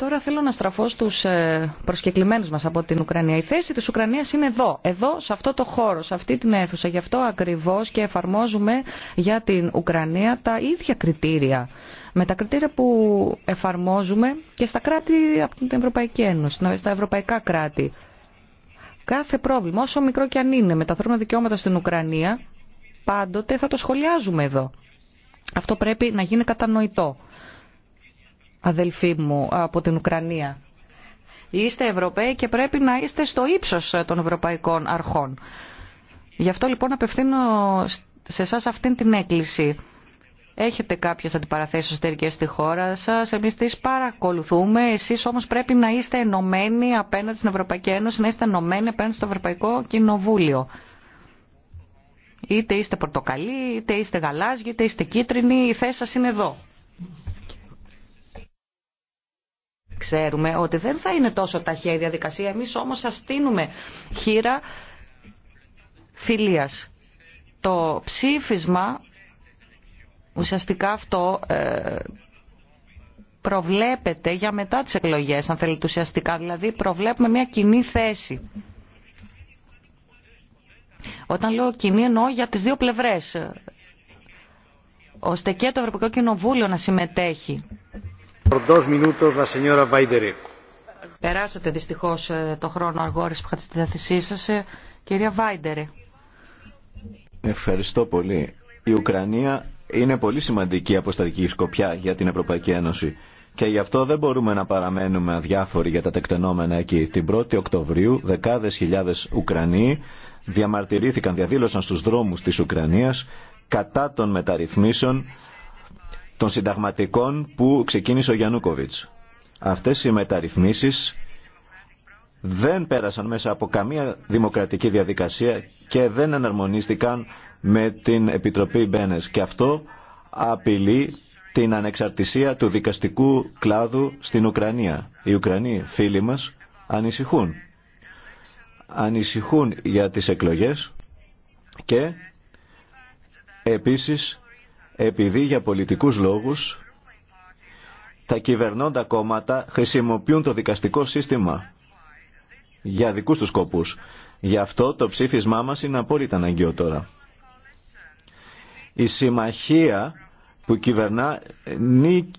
D: Τώρα θέλω να στραφώ στους ε, προσκεκλημένου μα από την Ουκρανία. Η θέση τη Ουκρανίας είναι εδώ, εδώ σε αυτό το χώρο, σε αυτή την αίθουσα. Γι' αυτό ακριβώ και εφαρμόζουμε για την Ουκρανία τα ίδια κριτήρια με τα κριτήρια που εφαρμόζουμε και στα κράτη από την Ευρωπαϊκή Ένωση, στα ευρωπαϊκά κράτη. Κάθε πρόβλημα, όσο μικρό και αν είναι, με τα ανθρώπινα δικαιώματα στην Ουκρανία, πάντοτε θα το σχολιάζουμε εδώ. Αυτό πρέπει να γίνει κατανοητό αδελφοί μου από την Ουκρανία. Είστε Ευρωπαίοι και πρέπει να είστε στο ύψος των ευρωπαϊκών αρχών. Γι' αυτό λοιπόν απευθύνω σε εσά αυτήν την έκκληση. Έχετε κάποιες αντιπαραθέσεις εσωτερικές στη χώρα σας, εμείς τις παρακολουθούμε, εσείς όμως πρέπει να είστε ενωμένοι απέναντι στην Ευρωπαϊκή Ένωση, να είστε ενωμένοι απέναντι στο Ευρωπαϊκό Κοινοβούλιο. Είτε είστε πορτοκαλί, είτε είστε γαλάζιοι, είτε είστε κίτρινοι, η θέση σας είναι εδώ. Ξέρουμε ότι δεν θα είναι τόσο ταχεία η διαδικασία. Εμείς όμως σα στείλουμε χείρα φιλίας. Το ψήφισμα ουσιαστικά αυτό ε, προβλέπεται για μετά τις εκλογές, αν θέλετε ουσιαστικά. Δηλαδή προβλέπουμε μια κοινή θέση. Όταν λέω κοινή εννοώ για τις δύο πλευρές, ώστε και το Ευρωπαϊκό Κοινοβούλιο να συμμετέχει Περάσατε δυστυχώ ε, το χρόνο αγόρης που είχατε στη διάθεσή σα, ε, Κυρία Βάιντερη.
B: Ευχαριστώ πολύ. Η Ουκρανία είναι πολύ σημαντική αποστατική σκοπιά για την Ευρωπαϊκή Ένωση. Και γι' αυτό δεν μπορούμε να παραμένουμε αδιάφοροι για τα τεκτενόμενα εκεί. Την 1η Οκτωβρίου δεκάδε χιλιάδε Ουκρανοί διαμαρτυρήθηκαν, διαδήλωσαν στου δρόμου τη Ουκρανία κατά των μεταρρυθμίσεων των συνταγματικών που ξεκίνησε ο Γιαννούκοβιτς. Αυτές οι μεταρρυθμίσεις δεν πέρασαν μέσα από καμία δημοκρατική διαδικασία και δεν εναρμονίστηκαν με την Επιτροπή Μπένες. Και αυτό απειλεί την ανεξαρτησία του δικαστικού κλάδου στην Ουκρανία. Οι Ουκρανοί φίλοι μας ανησυχούν. Ανησυχούν για τις εκλογές και επίσης επειδή για πολιτικούς λόγους τα κυβερνώντα κόμματα χρησιμοποιούν το δικαστικό σύστημα για δικούς τους σκοπούς. Γι' αυτό το ψήφισμά μας είναι απόλυτα αναγκαίο τώρα. Η συμμαχία που κυβερνά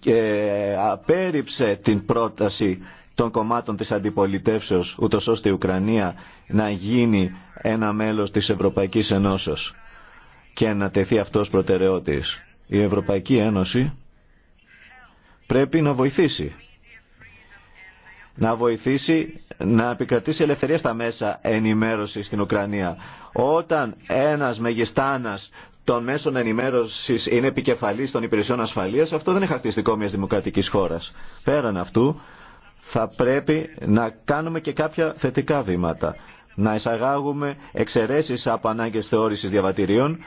B: ε, απέρριψε την πρόταση των κομμάτων της αντιπολιτεύσεως, ούτως ώστε η Ουκρανία να γίνει ένα μέλος της Ευρωπαϊκής Ενώσεως και να τεθεί αυτός προτεραιότης. Η Ευρωπαϊκή Ένωση πρέπει να βοηθήσει. Να βοηθήσει να επικρατήσει ελευθερία στα μέσα ενημέρωση στην Ουκρανία. Όταν ένας μεγιστάνας των μέσων ενημέρωση είναι επικεφαλής των υπηρεσιών ασφαλείας, αυτό δεν είναι χαρακτηριστικό μιας δημοκρατικής χώρα. Πέραν αυτού, θα πρέπει να κάνουμε και κάποια θετικά βήματα. Να εισαγάγουμε εξαιρέσει από ανάγκε θεώρηση διαβατηρίων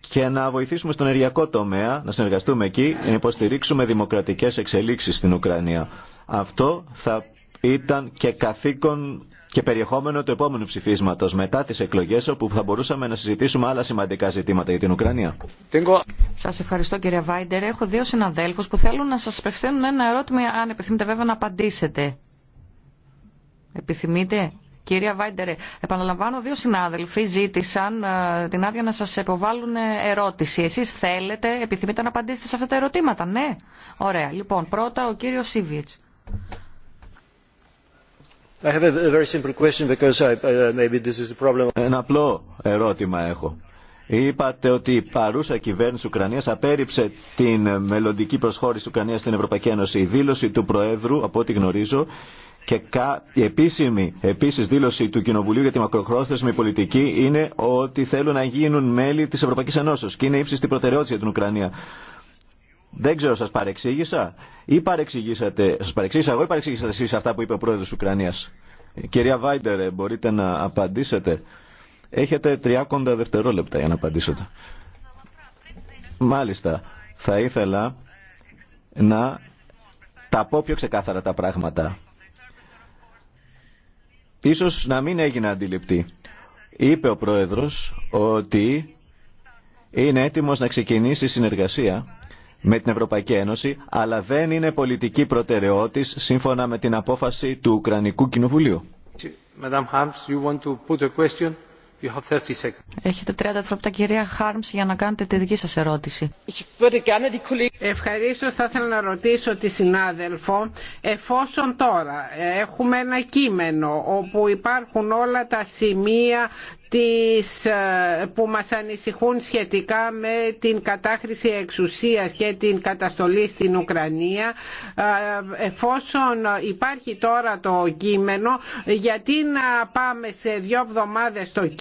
B: και να βοηθήσουμε στον ενεργειακό τομέα, να συνεργαστούμε εκεί, να υποστηρίξουμε δημοκρατικές εξελίξεις στην Ουκρανία. Αυτό θα ήταν και καθήκον και περιεχόμενο του επόμενου ψηφίσματο μετά τι εκλογέ, όπου θα μπορούσαμε να συζητήσουμε άλλα σημαντικά ζητήματα για την Ουκρανία.
D: Σα ευχαριστώ κύριε Βάιντερ. Έχω δύο συναδέλφου που θέλουν να σα απευθύνουν ένα ερώτημα, αν επιθυμείτε βέβαια να απαντήσετε. Επιθυμείτε. Κυρία Βάιντερε, επαναλαμβάνω, δύο συνάδελφοι ζήτησαν ε, την άδεια να σας υποβάλουν ε, ερώτηση. Εσείς θέλετε, επιθυμείτε να απαντήσετε σε αυτά τα ερωτήματα, ναι. Ωραία. Λοιπόν, πρώτα ο κύριος Σίβιτς.
B: Ένα απλό ερώτημα έχω. Είπατε ότι η παρούσα κυβέρνηση Ουκρανίας απέρριψε την μελλοντική προσχώρηση της Ουκρανίας στην Ευρωπαϊκή Ένωση. Η δήλωση του Προέδρου, από ό,τι γνωρίζω, και η επίσημη επίσης δήλωση του Κοινοβουλίου για τη μακροχρόθεσμη πολιτική είναι ότι θέλουν να γίνουν μέλη της Ευρωπαϊκής Ενώσεως και είναι ύψιστη προτεραιότητα για την Ουκρανία. Δεν ξέρω, σας παρεξήγησα ή παρεξηγήσατε, σας παρεξήγησα εγώ ή παρεξήγησατε εσείς αυτά που είπε ο πρόεδρος της Ουκρανίας. Κυρία Βάιντερ, μπορείτε να απαντήσετε. Έχετε 30 δευτερόλεπτα για να απαντήσετε. Μάλιστα, θα ήθελα να τα πω πιο ξεκάθαρα τα πράγματα ίσως να μην έγινε αντιληπτή. Είπε ο Πρόεδρος ότι είναι έτοιμος να ξεκινήσει συνεργασία με την Ευρωπαϊκή Ένωση, αλλά δεν είναι πολιτική προτεραιότητα σύμφωνα με την απόφαση του Ουκρανικού Κοινοβουλίου. Madam Harms, you want to put a question? You 30
D: Έχετε 30 δευτερόλεπτα κυρία Χάρμς για να κάνετε τη δική σας ερώτηση.
A: Ευχαρίστω θα ήθελα να ρωτήσω τη συνάδελφο εφόσον τώρα έχουμε ένα κείμενο όπου υπάρχουν όλα τα σημεία ε, που μας ανησυχούν σχετικά με την κατάχρηση εξουσίας και την καταστολή στην Ουκρανία ε, εφόσον υπάρχει τώρα το κείμενο γιατί να πάμε σε δύο εβδομάδες το κείμενο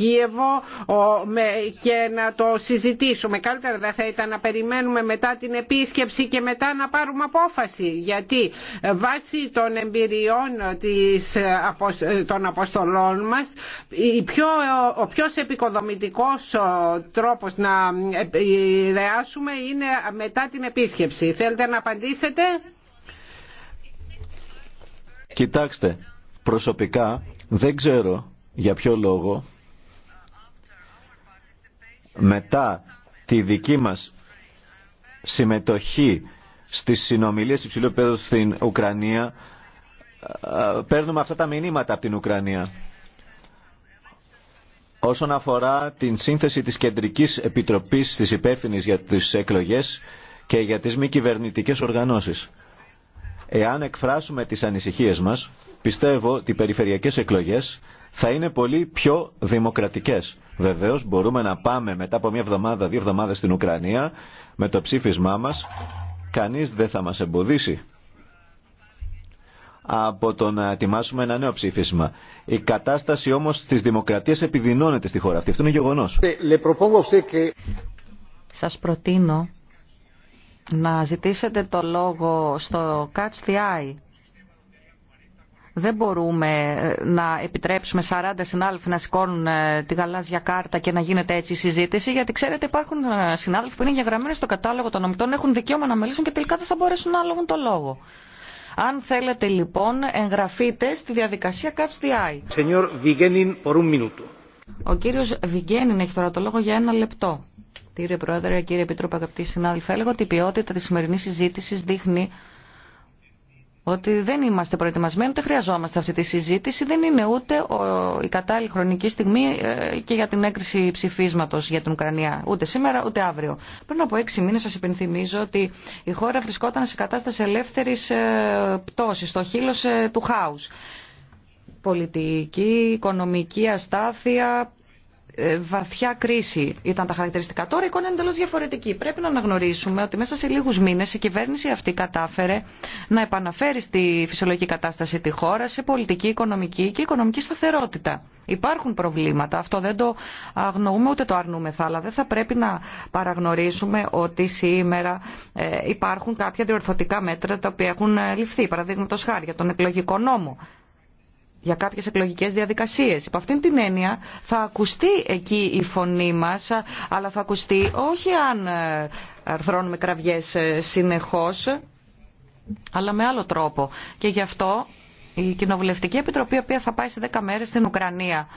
A: και να το συζητήσουμε. Καλύτερα δεν θα ήταν να περιμένουμε μετά την επίσκεψη και μετά να πάρουμε απόφαση. Γιατί ε, βάσει των εμπειριών της, ε, ε, των αποστολών μας πιο, ο πιο επικοδομητικός τρόπος να επηρεάσουμε είναι μετά την επίσκεψη. Θέλετε να απαντήσετε.
B: Κοιτάξτε, προσωπικά δεν ξέρω για ποιο λόγο μετά τη δική μας συμμετοχή στις συνομιλίες υψηλού επίπεδου στην Ουκρανία παίρνουμε αυτά τα μηνύματα από την Ουκρανία. Όσον αφορά την σύνθεση της Κεντρικής Επιτροπής της Υπεύθυνης για τις εκλογές και για τις μη κυβερνητικέ οργανώσεις. Εάν εκφράσουμε τις ανησυχίες μας, πιστεύω ότι οι περιφερειακές εκλογές θα είναι πολύ πιο δημοκρατικές. Βεβαίως μπορούμε να πάμε μετά από μια εβδομάδα, δύο εβδομάδες στην Ουκρανία με το ψήφισμά μας. Κανείς δεν θα μας εμποδίσει από το να ετοιμάσουμε ένα νέο ψήφισμα. Η κατάσταση όμως της δημοκρατίας επιδεινώνεται στη χώρα αυτή. Αυτό είναι γεγονός. Ε,
D: Σας προτείνω να ζητήσετε το λόγο στο Catch the Eye δεν μπορούμε ε, να επιτρέψουμε 40 συνάδελφοι να σηκώνουν ε, τη γαλάζια κάρτα και να γίνεται έτσι η συζήτηση, γιατί ξέρετε υπάρχουν ε, συνάδελφοι που είναι γεγραμμένοι στο κατάλογο των νομιτών, έχουν δικαίωμα να μιλήσουν και τελικά δεν θα μπορέσουν να λάβουν το λόγο. Αν θέλετε λοιπόν, εγγραφείτε στη διαδικασία Catch the Eye. Ο κύριο Βιγγένιν έχει τώρα το λόγο για ένα λεπτό. Κύριε Πρόεδρε, κύριε Επίτροπε, αγαπητοί συνάδελφοι, έλεγα ότι η ποιότητα τη σημερινή συζήτηση δείχνει ότι δεν είμαστε προετοιμασμένοι, ούτε χρειαζόμαστε αυτή τη συζήτηση, δεν είναι ούτε η κατάλληλη χρονική στιγμή ε, και για την έκρηση ψηφίσματο για την Ουκρανία, ούτε σήμερα ούτε αύριο. Πριν από έξι μήνες σα υπενθυμίζω ότι η χώρα βρισκόταν σε κατάσταση ελεύθερης ε, πτώσης, στο χείλος ε, του χάου. Πολιτική, οικονομική αστάθεια, ε, βαθιά κρίση ήταν τα χαρακτηριστικά. Τώρα η εικόνα είναι εντελώ διαφορετική. Πρέπει να αναγνωρίσουμε ότι μέσα σε λίγου μήνε η κυβέρνηση αυτή κατάφερε να επαναφέρει στη φυσιολογική κατάσταση τη χώρα σε πολιτική, οικονομική και οικονομική σταθερότητα. Υπάρχουν προβλήματα. Αυτό δεν το αγνοούμε ούτε το αρνούμεθα, αλλά δεν θα πρέπει να παραγνωρίσουμε ότι σήμερα ε, υπάρχουν κάποια διορθωτικά μέτρα τα οποία έχουν ε, ληφθεί. Παραδείγματο χάρη για τον εκλογικό νόμο για κάποιε εκλογικέ διαδικασίε. Υπό αυτήν την έννοια θα ακουστεί εκεί η φωνή μα, αλλά θα ακουστεί όχι αν ε, αρθρώνουμε κραυγέ ε, συνεχώς, αλλά με άλλο τρόπο. Και γι' αυτό η Κοινοβουλευτική Επιτροπή, η οποία θα πάει σε 10 μέρε στην Ουκρανία,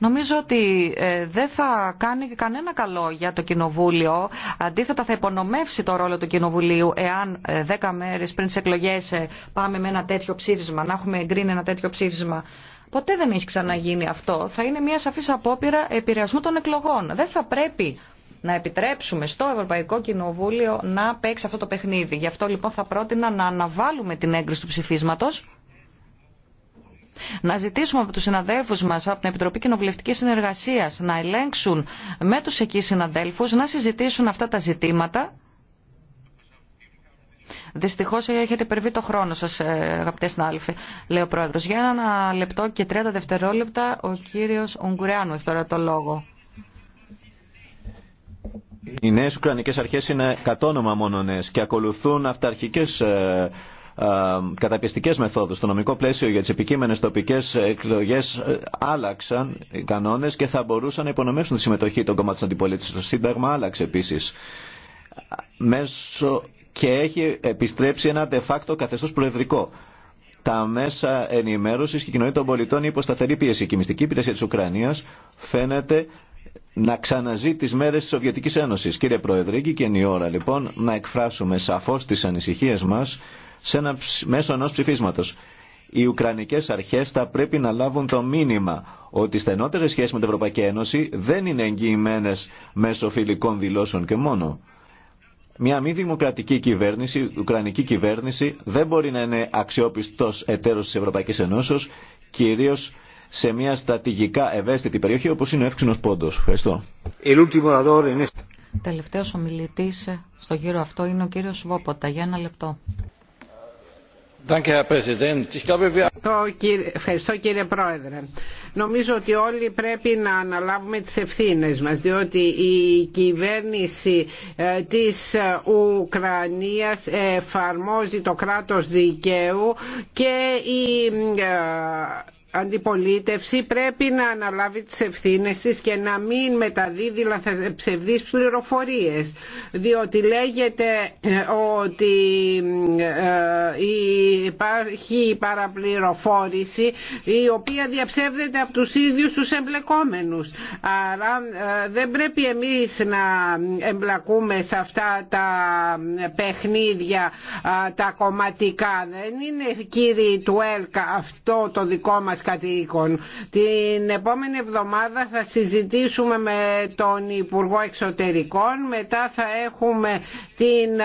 D: νομίζω ότι ε, δεν θα κάνει κανένα καλό για το Κοινοβούλιο. Αντίθετα θα υπονομεύσει το ρόλο του Κοινοβουλίου εάν ε, δέκα μέρε πριν τις εκλογές ε, πάμε με ένα τέτοιο ψήφισμα, να έχουμε εγκρίνει ένα τέτοιο ψήφισμα. Ποτέ δεν έχει ξαναγίνει αυτό. Θα είναι μια σαφή απόπειρα επηρεασμού των εκλογών. Δεν θα πρέπει να επιτρέψουμε στο Ευρωπαϊκό Κοινοβούλιο να παίξει αυτό το παιχνίδι. Γι' αυτό λοιπόν θα πρότεινα να αναβάλουμε την έγκριση του ψηφίσματος να ζητήσουμε από του συναδέλφου μα από την Επιτροπή Κοινοβουλευτική Συνεργασία να ελέγξουν με του εκεί συναδέλφους, να συζητήσουν αυτά τα ζητήματα. Δυστυχώ ε, έχετε υπερβεί το χρόνο σα, ε, αγαπητέ συνάδελφοι, λέει ο πρόεδρο. Για ένα λεπτό και 30 δευτερόλεπτα, ο κύριο Ουγγουρεάνου έχει τώρα το λόγο.
B: Οι νέε Ουκρανικέ αρχέ είναι κατόνομα μόνο νέε και ακολουθούν αυταρχικέ ε, καταπιεστικές μεθόδους. στο νομικό πλαίσιο για τις επικείμενες τοπικές εκλογές ε, άλλαξαν οι κανόνες και θα μπορούσαν να υπονομεύσουν τη συμμετοχή των κομμάτων της αντιπολίτευσης. Το Σύνταγμα άλλαξε επίσης. Μέσω και έχει επιστρέψει ένα de facto καθεστώς προεδρικό. Τα μέσα ενημέρωση και η κοινωνία των πολιτών υπό σταθερή πίεση. Η μυστική υπηρεσία τη Ουκρανία φαίνεται να ξαναζεί τι μέρε τη Σοβιετική Ένωση. Κύριε Πρόεδρε, και είναι η ώρα λοιπόν να εκφράσουμε σαφώ τι ανησυχίε μα σε ένα, μέσω ενός ψηφίσματος. Οι Ουκρανικές αρχές θα πρέπει να λάβουν το μήνυμα ότι οι στενότερες σχέσεις με την Ευρωπαϊκή Ένωση δεν είναι εγγυημένε μέσω φιλικών δηλώσεων και μόνο. Μια μη δημοκρατική κυβέρνηση, Ουκρανική κυβέρνηση, δεν μπορεί να είναι αξιόπιστος εταίρος της Ευρωπαϊκής Ενώσεως, κυρίως σε μια στατηγικά ευαίσθητη περιοχή όπως είναι ο Εύξηνος Πόντος. Ευχαριστώ.
D: Τελευταίος ομιλητής στο γύρο αυτό είναι ο κύριος Βόποτα. Για ένα λεπτό.
A: Ευχαριστώ κύριε Πρόεδρε. Νομίζω ότι όλοι πρέπει να αναλάβουμε τις ευθύνες μας διότι η κυβέρνηση ε, της ε, Ουκρανίας εφαρμόζει το κράτος δικαίου και η ε, αντιπολίτευση πρέπει να αναλάβει τις ευθύνες της και να μην μεταδίδει ψευδείς πληροφορίες διότι λέγεται ε, ότι ε, υπάρχει παραπληροφόρηση η οποία διαψεύδεται από τους ίδιους τους εμπλεκόμενους άρα ε, δεν πρέπει εμείς να εμπλακούμε σε αυτά τα παιχνίδια τα κομματικά δεν είναι κύριοι του ΕΛΚΑ αυτό το δικό μας κατοίκων. Την επόμενη εβδομάδα θα συζητήσουμε με τον Υπουργό Εξωτερικών, μετά θα έχουμε την ε,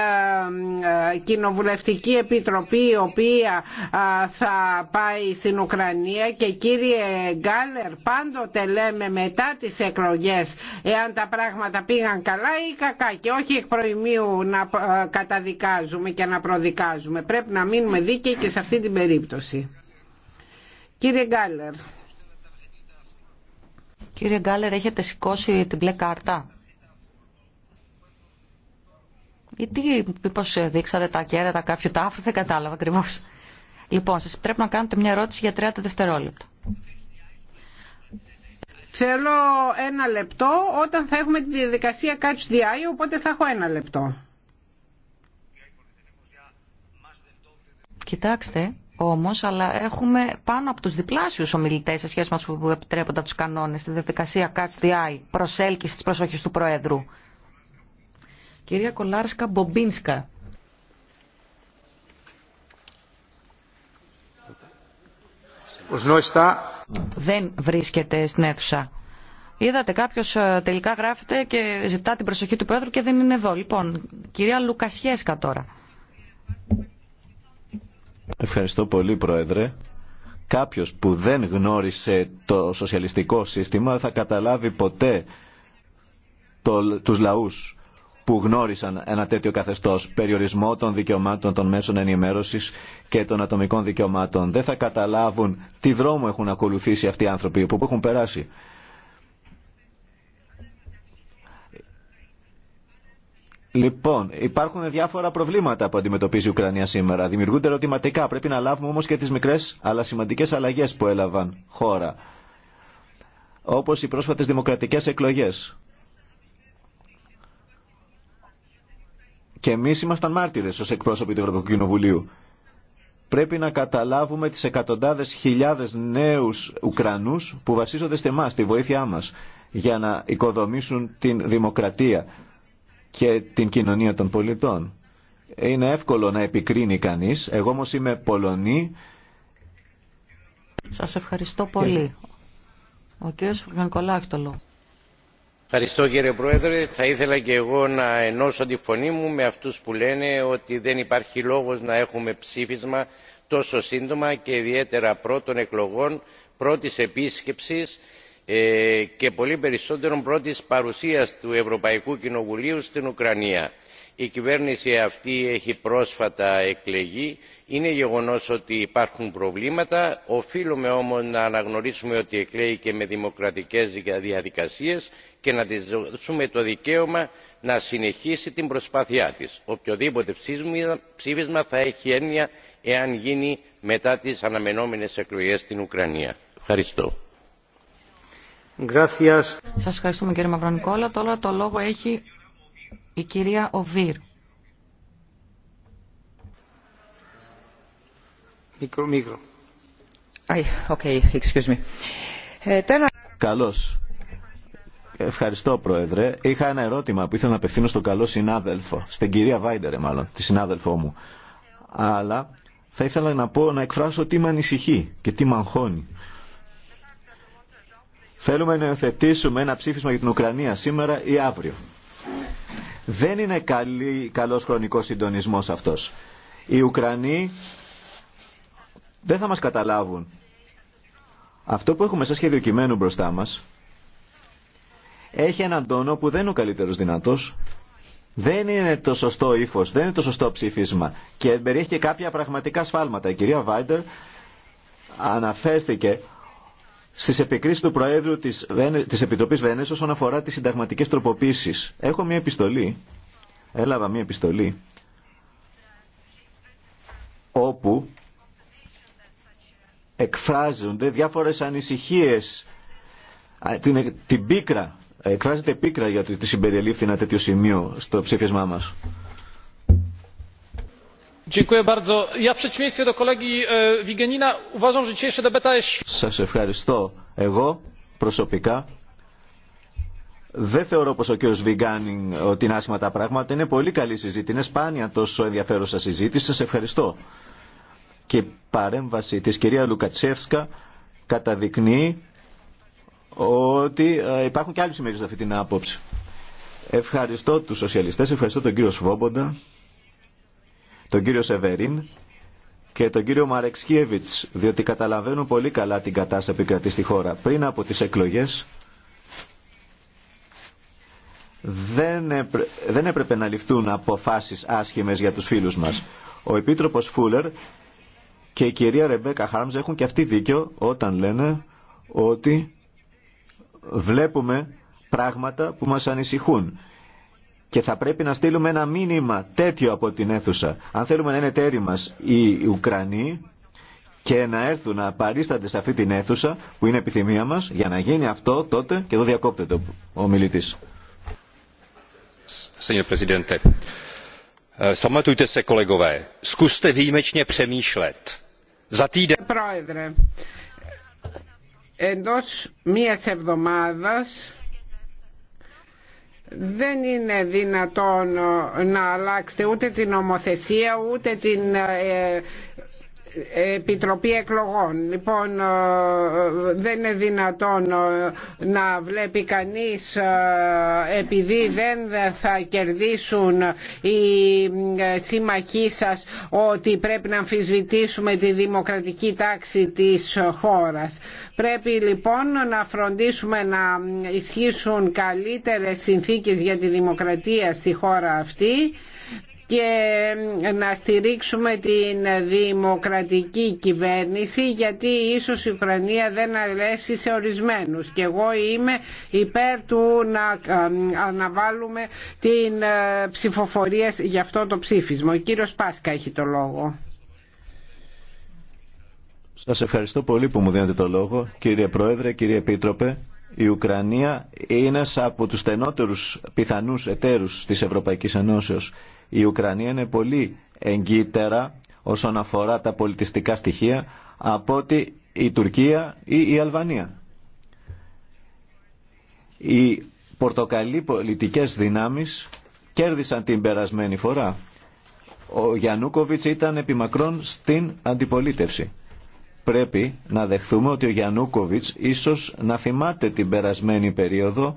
A: ε, Κοινοβουλευτική Επιτροπή η οποία ε, θα πάει στην Ουκρανία και κύριε Γκάλερ πάντοτε λέμε μετά τις εκλογές εάν τα πράγματα πήγαν καλά ή κακά και όχι εκ προημίου να καταδικάζουμε και να προδικάζουμε. Πρέπει να μείνουμε δίκαιοι και σε αυτή την περίπτωση. Κύριε Γκάλερ. Κύριε Γκάλερ, έχετε σηκώσει την μπλε κάρτα.
D: Ή τι, μήπως ε, δείξατε τα κέρατα κάποιου τάφου, δεν κατάλαβα ακριβώ. Λοιπόν, σας πρέπει να κάνετε μια ερώτηση για 30 δευτερόλεπτα.
A: Θέλω ένα λεπτό όταν θα έχουμε τη διαδικασία catch the eye, οπότε θα έχω ένα λεπτό.
D: Κοιτάξτε, όμως, αλλά έχουμε πάνω από τους διπλάσιους ομιλητές σε σχέση με που επιτρέπονται από τους κανόνες στη διαδικασία Catch the Eye, προσέλκυση της προσοχής του Προέδρου. Κυρία Κολάρσκα Μπομπίνσκα. Δεν βρίσκεται στην αίθουσα. Είδατε, κάποιο ε, τελικά γράφεται και ζητά την προσοχή του Πρόεδρου και δεν είναι εδώ. Λοιπόν, κυρία Λουκασιέσκα τώρα.
B: Ευχαριστώ πολύ, Πρόεδρε. Κάποιο που δεν γνώρισε το σοσιαλιστικό σύστημα θα καταλάβει ποτέ το, τους λαούς που γνώρισαν ένα τέτοιο καθεστώς, περιορισμό των δικαιωμάτων των μέσων ενημέρωσης και των ατομικών δικαιωμάτων. Δεν θα καταλάβουν τι δρόμο έχουν ακολουθήσει αυτοί οι άνθρωποι που έχουν περάσει. Λοιπόν, υπάρχουν διάφορα προβλήματα που αντιμετωπίζει η Ουκρανία σήμερα. Δημιουργούνται ερωτηματικά. Πρέπει να λάβουμε όμω και τι μικρέ αλλά σημαντικέ αλλαγέ που έλαβαν χώρα. Όπω οι πρόσφατε δημοκρατικέ εκλογέ. Και εμεί ήμασταν μάρτυρε ω εκπρόσωποι του Ευρωπαϊκού Κοινοβουλίου. Πρέπει να καταλάβουμε τι εκατοντάδε χιλιάδε νέου Ουκρανού που βασίζονται σε εμά, στη βοήθειά μα, για να οικοδομήσουν την δημοκρατία και την κοινωνία των πολιτών. Είναι εύκολο να επικρίνει κανείς. Εγώ όμως είμαι Πολωνή.
D: Σας ευχαριστώ πολύ. Ο κύριος
A: Ευχαριστώ κύριε Πρόεδρε. Θα ήθελα και εγώ να ενώσω τη φωνή μου με αυτούς που λένε ότι δεν υπάρχει λόγος να έχουμε ψήφισμα τόσο σύντομα και ιδιαίτερα πρώτων εκλογών, πρώτης επίσκεψης ε, και πολύ περισσότερον πρώτης παρουσίας του ευρωπαϊκού κοινοβουλίου στην ουκρανία. η κυβέρνηση αυτή έχει πρόσφατα εκλεγεί είναι γεγονό ότι υπάρχουν προβλήματα οφείλουμε όμω να αναγνωρίσουμε ότι εκλέγει και με δημοκρατικές διαδικασίε και να τη δώσουμε το δικαίωμα να συνεχίσει την προσπάθειά της. οποιοδήποτε ψήφισμα θα έχει έννοια εάν γίνει μετά τι αναμενόμενε εκλογέ στην ουκρανία.
D: ευχαριστώ. Gracias. Σας ευχαριστούμε κύριε Μαυρονικόλα. Τώρα το λόγο έχει η κυρία Οβίρ. Μικρο, μικρο. okay, excuse me. Ε,
B: Καλώς. Ευχαριστώ, Πρόεδρε. Είχα ένα ερώτημα που ήθελα να απευθύνω στον καλό συνάδελφο, στην κυρία Βάιντερε μάλλον, τη συνάδελφό μου. Αλλά θα ήθελα να πω, να εκφράσω τι με ανησυχεί και τι με αγχώνει. Θέλουμε να υιοθετήσουμε ένα ψήφισμα για την Ουκρανία σήμερα ή αύριο. Δεν είναι καλή, καλός χρονικός συντονισμός αυτός. Οι Ουκρανοί δεν θα μας καταλάβουν. Αυτό που έχουμε σαν σχέδιο κειμένου μπροστά μας έχει έναν τόνο που δεν είναι ο καλύτερος δυνατός. Δεν είναι το σωστό ύφο, δεν είναι το σωστό ψήφισμα. Και περιέχει και κάποια πραγματικά σφάλματα. Η κυρία Βάιντερ αναφέρθηκε στι επικρίσει του Προέδρου τη της Επιτροπή Βένε όσον αφορά τι συνταγματικέ τροποποίησει. Έχω μία επιστολή. Έλαβα μία επιστολή όπου εκφράζονται διάφορες ανησυχίες, την, την πίκρα, εκφράζεται πίκρα για τη συμπεριλήφθη ένα τέτοιο σημείο στο ψήφισμά μας. E, Σας ευχαριστώ. Εγώ προσωπικά δεν θεωρώ πως ο κύριος Βιγκάνιν ότι είναι άσχημα τα πράγματα. Είναι πολύ καλή συζήτηση. Είναι σπάνια τόσο ενδιαφέρουσα συζήτηση. Σας ευχαριστώ. Και η παρέμβαση της κυρία Λουκατσεύσκα καταδεικνύει ότι ε, υπάρχουν και άλλοι σε αυτή την άποψη. Ευχαριστώ τους σοσιαλιστές, ευχαριστώ τον κύριο Σβόμποντα τον κύριο Σεβερίν και τον κύριο Μαρεξκίεβιτς, διότι καταλαβαίνουν πολύ καλά την κατάσταση που στη χώρα. Πριν από τις εκλογές δεν, δεν έπρεπε να ληφθούν αποφάσεις άσχημες για τους φίλους μας. Ο Επίτροπος Φούλερ και η κυρία Ρεμπέκα Χάρμς έχουν και αυτοί δίκιο όταν λένε ότι βλέπουμε πράγματα που μας ανησυχούν και θα πρέπει να στείλουμε ένα μήνυμα τέτοιο από την αίθουσα. Αν θέλουμε να είναι τέρι μας οι Ουκρανοί και να έρθουν να παρίστανται σε αυτή την αίθουσα που είναι επιθυμία μας για να γίνει αυτό τότε και εδώ διακόπτεται ο μιλητής.
A: Πρόεδρε, εντός μίας εβδομάδας δεν είναι δυνατόν ε, να αλλάξετε ούτε την νομοθεσία ούτε την ε, Επιτροπή Εκλογών. Λοιπόν, ε, ε, δεν είναι δυνατόν ε, να βλέπει κανείς επειδή δεν θα κερδίσουν οι σύμμαχοί σας ότι πρέπει να αμφισβητήσουμε τη δημοκρατική τάξη της χώρας. Πρέπει λοιπόν να φροντίσουμε να ισχύσουν καλύτερες συνθήκες για τη δημοκρατία στη χώρα αυτή και να στηρίξουμε την δημοκρατική κυβέρνηση γιατί ίσως η Ουκρανία δεν αρέσει σε ορισμένους και εγώ είμαι υπέρ του να ε, αναβάλουμε την ε, ψηφοφορία για αυτό το ψήφισμα. Ο κύριος Πάσκα έχει το λόγο.
B: Σας ευχαριστώ πολύ που μου δίνετε το λόγο κύριε Πρόεδρε, κύριε Επίτροπε. Η Ουκρανία είναι από τους στενότερους πιθανούς εταίρους της Ευρωπαϊκής Ενώσεω. Η Ουκρανία είναι πολύ εγκύτερα όσον αφορά τα πολιτιστικά στοιχεία από ότι η Τουρκία ή η Αλβανία. Οι πορτοκαλί πολιτικές δυνάμεις κέρδισαν την περασμένη φορά. Ο Γιαννούκοβιτς ήταν επιμακρών στην αντιπολίτευση πρέπει να δεχθούμε ότι ο Γιαννούκοβιτς ίσως να θυμάται την περασμένη περίοδο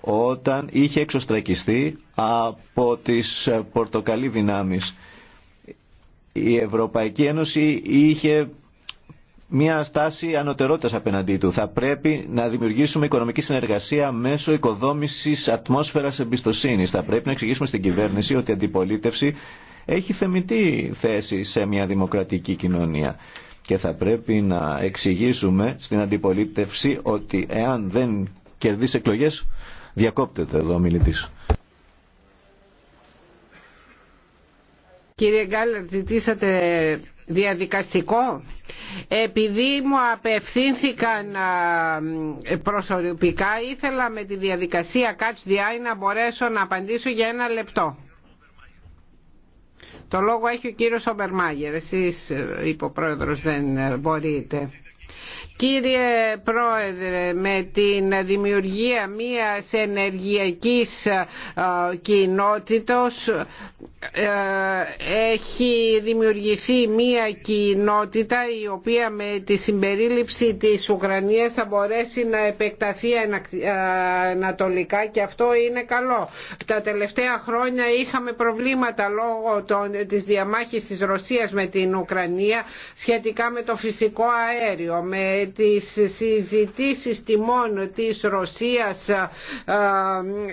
B: όταν είχε εξωστρακιστεί από τις πορτοκαλί δυνάμεις. Η Ευρωπαϊκή Ένωση είχε μια στάση ανωτερότητας απέναντί του. Θα πρέπει να δημιουργήσουμε οικονομική συνεργασία μέσω οικοδόμησης ατμόσφαιρας εμπιστοσύνης. Θα πρέπει να εξηγήσουμε στην κυβέρνηση ότι η αντιπολίτευση έχει θεμητή θέση σε μια δημοκρατική κοινωνία και θα πρέπει να εξηγήσουμε στην αντιπολίτευση ότι εάν δεν κερδίσει εκλογές διακόπτεται εδώ ο μιλητής.
A: Κύριε Γκάλερ, ζητήσατε διαδικαστικό επειδή μου απευθύνθηκαν προσωπικά ήθελα με τη διαδικασία Catch the Eye να μπορέσω να απαντήσω για ένα λεπτό το λόγο έχει ο κύριος Ομπερμάγερ. Εσείς, ε, υποπρόεδρος, δεν ε, μπορείτε. Κύριε Πρόεδρε, με την δημιουργία μίας ενεργειακής ε, κοινότητος ε, έχει δημιουργηθεί μία κοινότητα η οποία με τη συμπερίληψη της Ουκρανίας θα μπορέσει να επεκταθεί ε, ανατολικά και αυτό είναι καλό. Τα τελευταία χρόνια είχαμε προβλήματα λόγω των, της διαμάχης της Ρωσίας με την Ουκρανία σχετικά με το φυσικό αέριο με τις συζητήσεις τιμών της Ρωσίας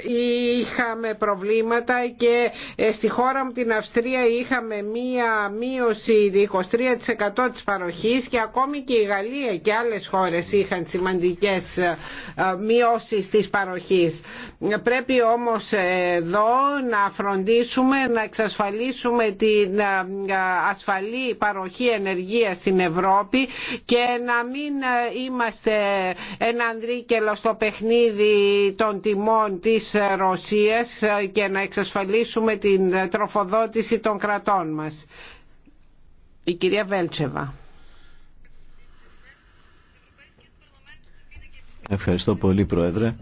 A: είχαμε προβλήματα και ε, στη χώρα μου την Αυστρία είχαμε μία μείωση 23% της παροχής και ακόμη και η Γαλλία και άλλες χώρες είχαν σημαντικές ε, μειώσεις της παροχής. Πρέπει όμως εδώ να φροντίσουμε να εξασφαλίσουμε την ε, ασφαλή παροχή ενεργείας στην Ευρώπη και να να μην ε, είμαστε ένα ανδρίκελο στο παιχνίδι των τιμών της ε, Ρωσίας ε, και να εξασφαλίσουμε την τροφοδότηση των κρατών μας. Η κυρία Βέλτσεβα.
B: Ευχαριστώ πολύ Πρόεδρε.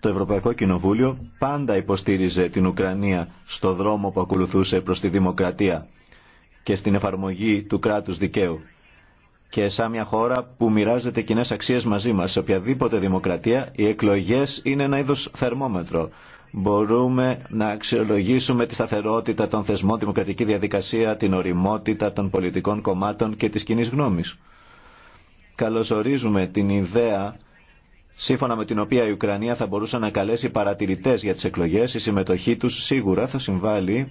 B: Το Ευρωπαϊκό Κοινοβούλιο πάντα υποστήριζε την Ουκρανία στο δρόμο που ακολουθούσε προς τη δημοκρατία και στην εφαρμογή του κράτους δικαίου και σαν μια χώρα που μοιράζεται κοινέ αξίε μαζί μα. Σε οποιαδήποτε δημοκρατία οι εκλογέ είναι ένα είδο θερμόμετρο. Μπορούμε να αξιολογήσουμε τη σταθερότητα των θεσμών, τη δημοκρατική διαδικασία, την οριμότητα των πολιτικών κομμάτων και τη κοινή γνώμη. Καλωσορίζουμε την ιδέα σύμφωνα με την οποία η Ουκρανία θα μπορούσε να καλέσει παρατηρητές για τις εκλογές, η συμμετοχή τους σίγουρα θα συμβάλλει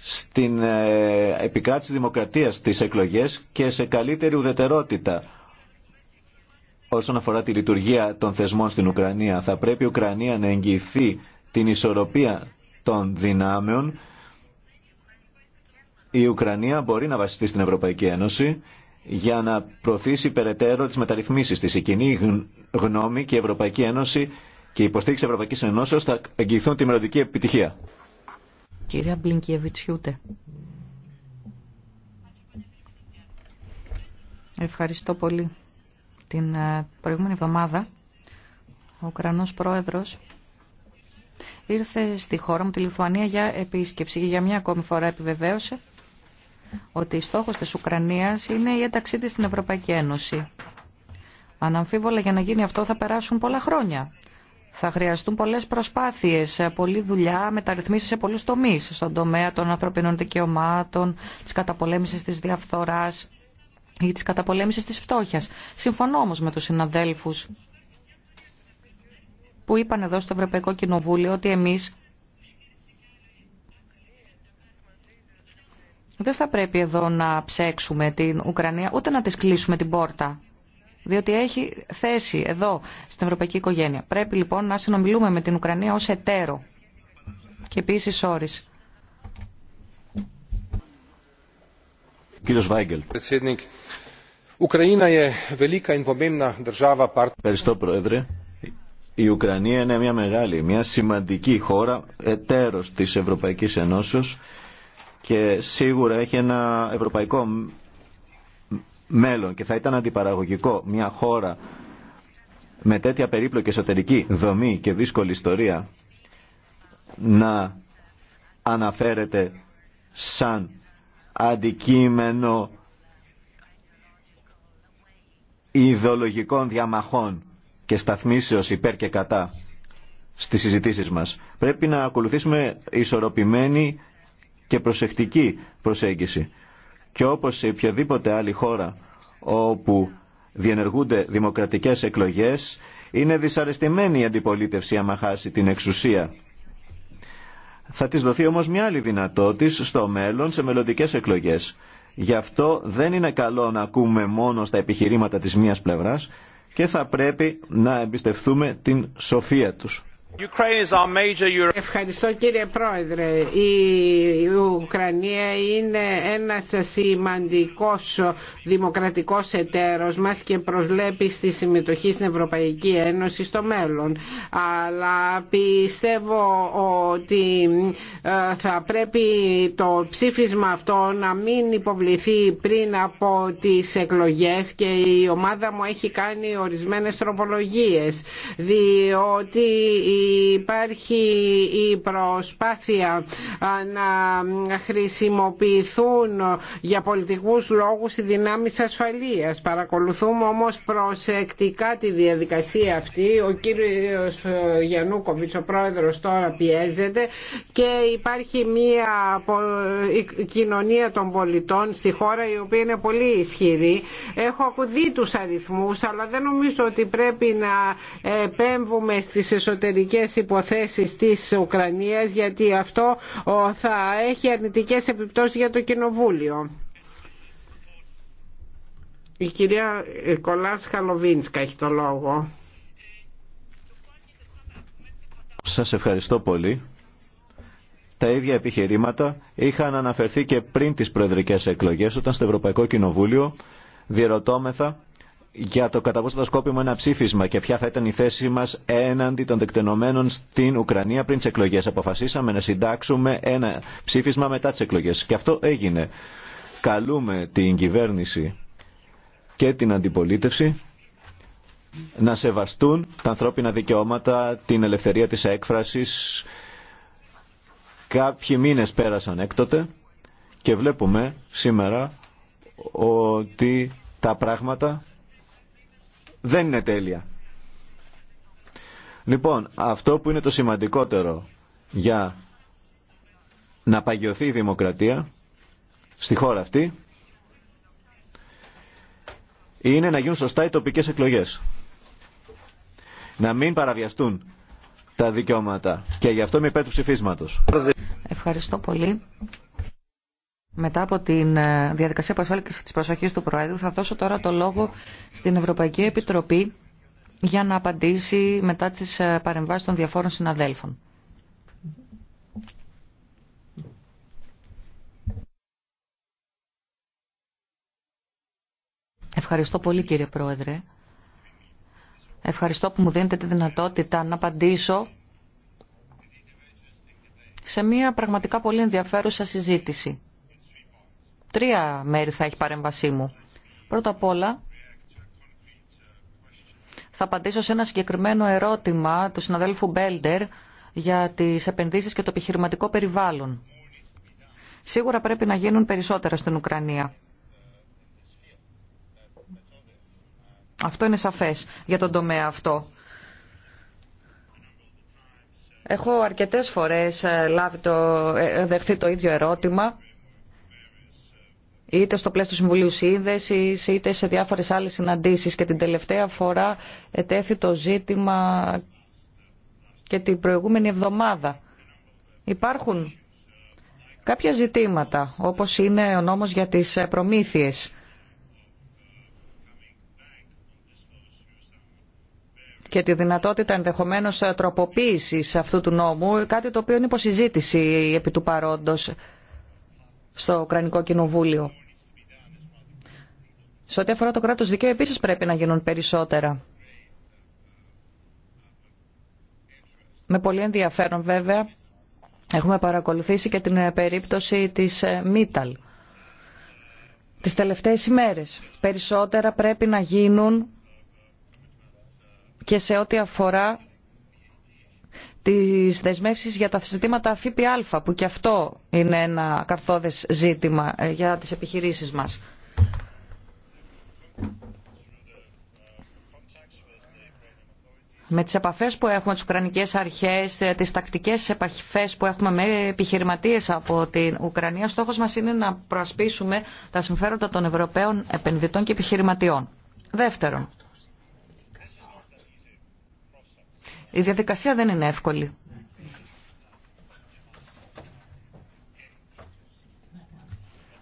B: στην ε, επικράτηση δημοκρατίας στις εκλογές και σε καλύτερη ουδετερότητα όσον αφορά τη λειτουργία των θεσμών στην Ουκρανία. Θα πρέπει η Ουκρανία να εγγυηθεί την ισορροπία των δυνάμεων. Η Ουκρανία μπορεί να βασιστεί στην Ευρωπαϊκή Ένωση για να προωθήσει περαιτέρω τις μεταρρυθμίσεις της. Η κοινή γνώμη και η Ευρωπαϊκή Ένωση και η υποστήριξη Ευρωπαϊκής Ενώσεως θα εγγυηθούν τη μελλοντική επιτυχία.
D: Κυρία Χιούτε. Ευχαριστώ πολύ. Την ε, προηγούμενη εβδομάδα ο Ουκρανός Πρόεδρος ήρθε στη χώρα μου, τη Λιθουανία, για επίσκεψη και για μια ακόμη φορά επιβεβαίωσε ότι στόχος της Ουκρανίας είναι η ένταξή της στην Ευρωπαϊκή Ένωση. Αναμφίβολα για να γίνει αυτό θα περάσουν πολλά χρόνια. Θα χρειαστούν πολλές προσπάθειες, ε, πολλή δουλειά, μεταρρυθμίσεις σε πολλούς τομείς, στον τομέα των ανθρωπινών δικαιωμάτων, της καταπολέμησης της διαφθοράς ή της καταπολέμησης της φτώχειας. Συμφωνώ όμως με τους συναδέλφους που είπαν εδώ στο Ευρωπαϊκό Κοινοβούλιο ότι εμείς δεν θα πρέπει εδώ να ψέξουμε την Ουκρανία ούτε να της κλείσουμε την πόρτα διότι έχει θέση εδώ στην ευρωπαϊκή οικογένεια. Πρέπει λοιπόν να συνομιλούμε με την Ουκρανία ως εταίρο και επίση όρις.
B: Κύριος Βάγκελ. Ευχαριστώ Πρόεδρε. Η Ουκρανία είναι μια μεγάλη, μια σημαντική χώρα, εταίρος της Ευρωπαϊκής Ενώσεως και σίγουρα έχει ένα ευρωπαϊκό μέλλον και θα ήταν αντιπαραγωγικό μια χώρα με τέτοια περίπλοκη εσωτερική δομή και δύσκολη ιστορία να αναφέρεται σαν αντικείμενο ιδεολογικών διαμαχών και σταθμίσεως υπέρ και κατά στις συζητήσεις μας. Πρέπει να ακολουθήσουμε ισορροπημένη και προσεκτική προσέγγιση και όπως σε οποιαδήποτε άλλη χώρα όπου διενεργούνται δημοκρατικές εκλογές είναι δυσαρεστημένη η αντιπολίτευση άμα χάσει την εξουσία. Θα της δοθεί όμως μια άλλη δυνατότητα στο μέλλον σε μελλοντικές εκλογές. Γι' αυτό δεν είναι καλό να ακούμε μόνο στα επιχειρήματα της μίας πλευράς και θα πρέπει να εμπιστευτούμε την σοφία τους.
A: Ευχαριστώ κύριε Πρόεδρε. Η Ουκρανία είναι ένας σημαντικός δημοκρατικός εταίρος μας και προσλέπει στη συμμετοχή στην Ευρωπαϊκή Ένωση στο μέλλον. Αλλά πιστεύω ότι ε, θα πρέπει το ψήφισμα αυτό να μην υποβληθεί πριν από τις εκλογές και η ομάδα μου έχει κάνει ορισμένες τροπολογίες διότι υπάρχει η προσπάθεια να χρησιμοποιηθούν για πολιτικούς λόγους οι δυνάμεις ασφαλείας. Παρακολουθούμε όμως προσεκτικά τη διαδικασία αυτή. Ο κύριος Γιαννούκοβιτς, ο πρόεδρος τώρα πιέζεται και υπάρχει μια κοινωνία των πολιτών στη χώρα η οποία είναι πολύ ισχυρή. Έχω ακουδεί τους αριθμούς αλλά δεν νομίζω ότι πρέπει να επέμβουμε στις εσωτερικές εσωτερικές υποθέσεις της Ουκρανίας γιατί αυτό θα έχει αρνητικές επιπτώσεις για το Κοινοβούλιο. Η κυρία Κολάς Χαλοβίνσκα έχει το λόγο.
B: Σας ευχαριστώ πολύ. Τα ίδια επιχειρήματα είχαν αναφερθεί και πριν τις προεδρικές εκλογές όταν στο Ευρωπαϊκό Κοινοβούλιο διερωτώμεθα για το κατά πόσο θα σκόπιμο ένα ψήφισμα και ποια θα ήταν η θέση μας έναντι των δεκτενομένων στην Ουκρανία πριν τι εκλογέ Αποφασίσαμε να συντάξουμε ένα ψήφισμα μετά τι εκλογέ. και αυτό έγινε. Καλούμε την κυβέρνηση και την αντιπολίτευση να σεβαστούν τα ανθρώπινα δικαιώματα, την ελευθερία της έκφρασης. Κάποιοι μήνες πέρασαν έκτοτε και βλέπουμε σήμερα ότι τα πράγματα δεν είναι τέλεια. Λοιπόν, αυτό που είναι το σημαντικότερο για να παγιωθεί η δημοκρατία στη χώρα αυτή είναι να γίνουν σωστά οι τοπικές εκλογές. Να μην παραβιαστούν τα δικαιώματα. Και γι' αυτό είμαι υπέρ του ψηφίσματος.
D: Ευχαριστώ πολύ. Μετά από τη ε, διαδικασία προσέλκυση της προσοχή του Προέδρου θα δώσω τώρα το λόγο στην Ευρωπαϊκή Επιτροπή για να απαντήσει μετά τις ε, παρεμβάσει των διαφόρων συναδέλφων. Ευχαριστώ πολύ κύριε Πρόεδρε. Ευχαριστώ που μου δίνετε τη δυνατότητα να απαντήσω σε μια πραγματικά πολύ ενδιαφέρουσα συζήτηση τρία μέρη θα έχει παρέμβασή μου. Πρώτα απ' όλα, θα απαντήσω σε ένα συγκεκριμένο ερώτημα του συναδέλφου Μπέλντερ για τις επενδύσεις και το επιχειρηματικό περιβάλλον. Σίγουρα πρέπει να γίνουν περισσότερα στην Ουκρανία. Αυτό είναι σαφές για τον τομέα αυτό. Έχω αρκετές φορές ε, λάβει το, ε, δεχθεί το ίδιο ερώτημα είτε στο πλαίσιο του Συμβουλίου Σύνδεση, είτε σε διάφορε άλλε συναντήσει. Και την τελευταία φορά ετέθη το ζήτημα και την προηγούμενη εβδομάδα. Υπάρχουν κάποια ζητήματα, όπως είναι ο νόμος για τις προμήθειες. και τη δυνατότητα ενδεχομένως τροποποίησης αυτού του νόμου, κάτι το οποίο είναι υποσυζήτηση επί του παρόντος στο Ουκρανικό Κοινοβούλιο. Σε ό,τι αφορά το κράτος δικαίου επίσης πρέπει να γίνουν περισσότερα. Με πολύ ενδιαφέρον βέβαια έχουμε παρακολουθήσει και την ε, περίπτωση της ε, Μίταλ. Τις τελευταίες ημέρες περισσότερα πρέπει να γίνουν και σε ό,τι αφορά τις δεσμεύσεις για τα ζητήματα ΦΠΑ που και αυτό είναι ένα καρθόδες ζήτημα ε, για τις επιχειρήσεις μας. Με τις επαφές που έχουμε τις Ουκρανικές αρχές, ε, τις τακτικές επαφές που έχουμε με επιχειρηματίες από την Ουκρανία, στόχος μας είναι να προασπίσουμε τα συμφέροντα των Ευρωπαίων επενδυτών και επιχειρηματιών. Δεύτερον, Η διαδικασία δεν είναι εύκολη.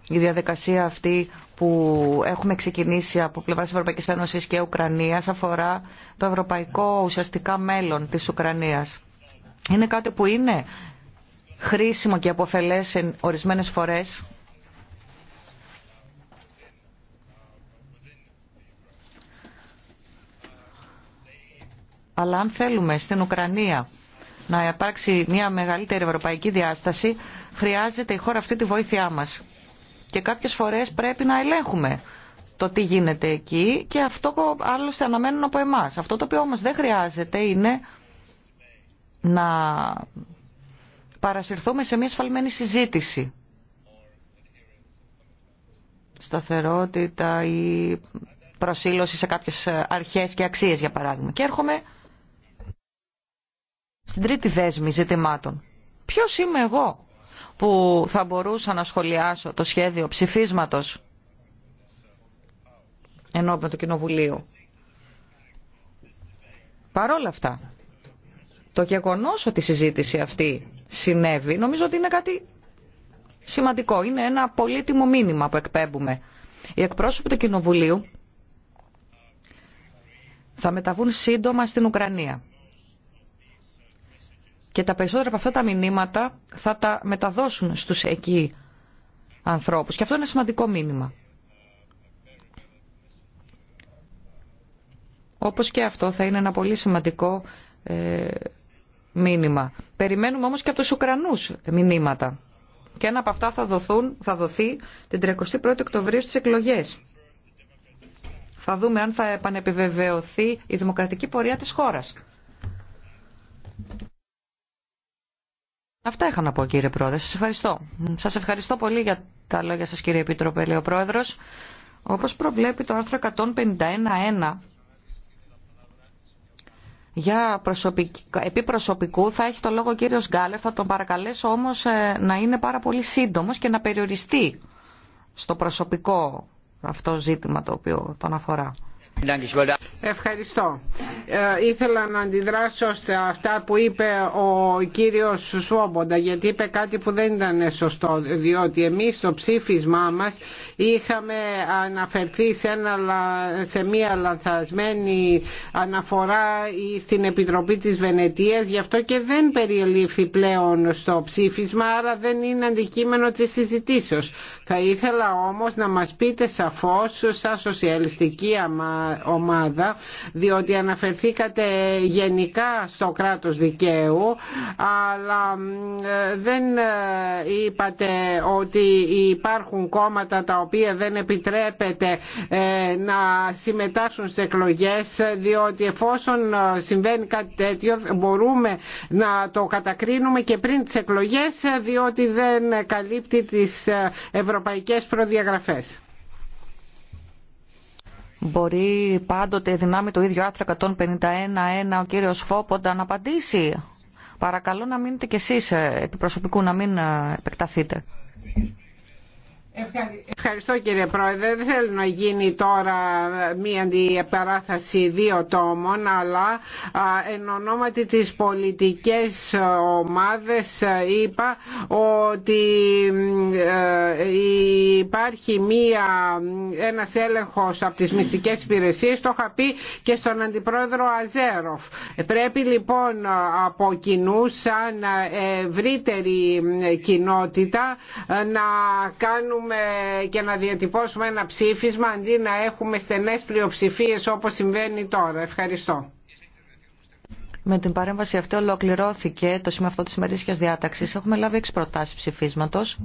D: Η διαδικασία αυτή που έχουμε ξεκινήσει από πλευρά της Ευρωπαϊκής Ένωσης και Ουκρανίας αφορά το ευρωπαϊκό ουσιαστικά μέλλον της Ουκρανίας. Είναι κάτι που είναι χρήσιμο και αποφελές ορισμένες φορές Αλλά αν θέλουμε στην Ουκρανία να υπάρξει μια μεγαλύτερη ευρωπαϊκή διάσταση, χρειάζεται η χώρα αυτή τη βοήθειά μας. Και κάποιες φορές πρέπει να ελέγχουμε το τι γίνεται εκεί και αυτό που άλλωστε αναμένουν από εμάς. Αυτό το οποίο όμως δεν χρειάζεται είναι να παρασυρθούμε σε μια σφαλμένη συζήτηση. Σταθερότητα ή προσήλωση σε κάποιες αρχές και αξίες για παράδειγμα. Και έρχομαι στην τρίτη δέσμη ζητημάτων. Ποιος είμαι εγώ που θα μπορούσα να σχολιάσω το σχέδιο ψηφίσματος με το Κοινοβουλίου. Παρόλα αυτά, το γεγονό ότι η συζήτηση αυτή συνέβη, νομίζω ότι είναι κάτι σημαντικό. Είναι ένα πολύτιμο μήνυμα που εκπέμπουμε. Οι εκπρόσωποι του Κοινοβουλίου θα μεταβούν σύντομα στην Ουκρανία και τα περισσότερα από αυτά τα μηνύματα θα τα μεταδώσουν στους εκεί ανθρώπους. Και αυτό είναι σημαντικό μήνυμα. Όπως και αυτό θα είναι ένα πολύ σημαντικό ε, μήνυμα. Περιμένουμε όμως και από τους Ουκρανούς μηνύματα. Και ένα από αυτά θα, δοθούν, θα δοθεί την 31η Οκτωβρίου στις εκλογές. Θα δούμε αν θα επανεπιβεβαιωθεί η δημοκρατική πορεία της χώρας. Αυτά είχα να πω κύριε Πρόεδρε. Σας ευχαριστώ. Σας ευχαριστώ πολύ για τα λόγια σας κύριε Επίτροπε, λέει ο Πρόεδρος. Όπως προβλέπει το άρθρο 151.1 για επί προσωπικού θα έχει το λόγο ο κύριος Γκάλερ. Θα τον παρακαλέσω όμως ε, να είναι πάρα πολύ σύντομος και να περιοριστεί στο προσωπικό αυτό ζήτημα το οποίο τον αφορά.
A: Ευχαριστώ. Ε, ήθελα να αντιδράσω στα αυτά που είπε ο κύριος Σουόμποντα γιατί είπε κάτι που δεν ήταν σωστό διότι εμείς στο ψήφισμά μας είχαμε αναφερθεί σε, σε μια λανθασμένη αναφορά στην Επιτροπή της Βενετίας γι' αυτό και δεν περιελήφθη πλέον στο ψήφισμα άρα δεν είναι αντικείμενο της συζητήσεως. Θα ήθελα όμως να μας πείτε σαφώς σαν σοσιαλιστική ομάδα διότι αναφερθήκατε γενικά στο κράτος δικαίου αλλά δεν ε, είπατε ότι υπάρχουν κόμματα τα οποία δεν επιτρέπεται ε, να συμμετάσχουν στις εκλογές διότι εφόσον ε, συμβαίνει κάτι τέτοιο μπορούμε να το κατακρίνουμε και πριν τις εκλογές διότι δεν καλύπτει τις ευρωπαϊκές ευρωπαϊκές προδιαγραφές.
D: Μπορεί πάντοτε δυνάμει το ίδιο άρθρο 151.1 ο κύριος Φόποντα να απαντήσει. Παρακαλώ να μείνετε κι εσείς ε, επί προσωπικού, να μην ε, επεκταθείτε.
A: Ευχαριστώ κύριε Πρόεδρε. Δεν θέλω να γίνει τώρα μία αντιπαράθεση δύο τόμων, αλλά εν ονόματι της πολιτικές ομάδες είπα ότι ε, υπάρχει μία, ένας έλεγχος από τις μυστικές υπηρεσίες, το είχα πει και στον Αντιπρόεδρο Αζέροφ. Πρέπει λοιπόν από κοινού σαν ευρύτερη κοινότητα να κάνουμε κάνουμε και να διατυπώσουμε ένα ψήφισμα αντί να έχουμε στενές πλειοψηφίες όπως συμβαίνει τώρα. Ευχαριστώ.
D: Με την παρέμβαση αυτή ολοκληρώθηκε το σημείο αυτό της ημερήσιας διάταξης. Έχουμε λάβει έξι προτάσεις ψηφίσματος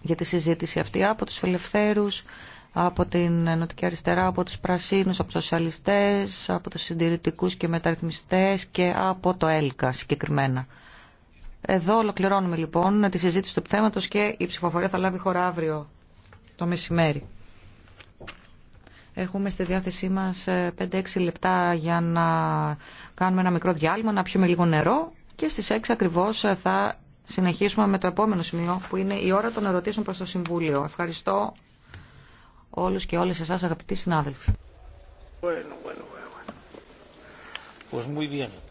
D: για τη συζήτηση αυτή από τους φιλελευθέρους, από την Ενωτική Αριστερά, από τους Πρασίνους, από τους Σοσιαλιστές, από τους Συντηρητικούς και Μεταρρυθμιστές και από το ΕΛΚΑ συγκεκριμένα. Εδώ ολοκληρώνουμε λοιπόν τη συζήτηση του θέματος και η ψηφοφορία θα λάβει χώρα αύριο το μεσημέρι. Έχουμε στη διάθεσή μας 5-6 ε, λεπτά για να κάνουμε ένα μικρό διάλειμμα, να πιούμε λίγο νερό και στις 6 ακριβώς ε, θα συνεχίσουμε με το επόμενο σημείο που είναι η ώρα των ερωτήσεων προς το Συμβούλιο. Ευχαριστώ όλους και όλες εσάς αγαπητοί συνάδελφοι.
A: Bueno, bueno, bueno.
B: Pues muy bien.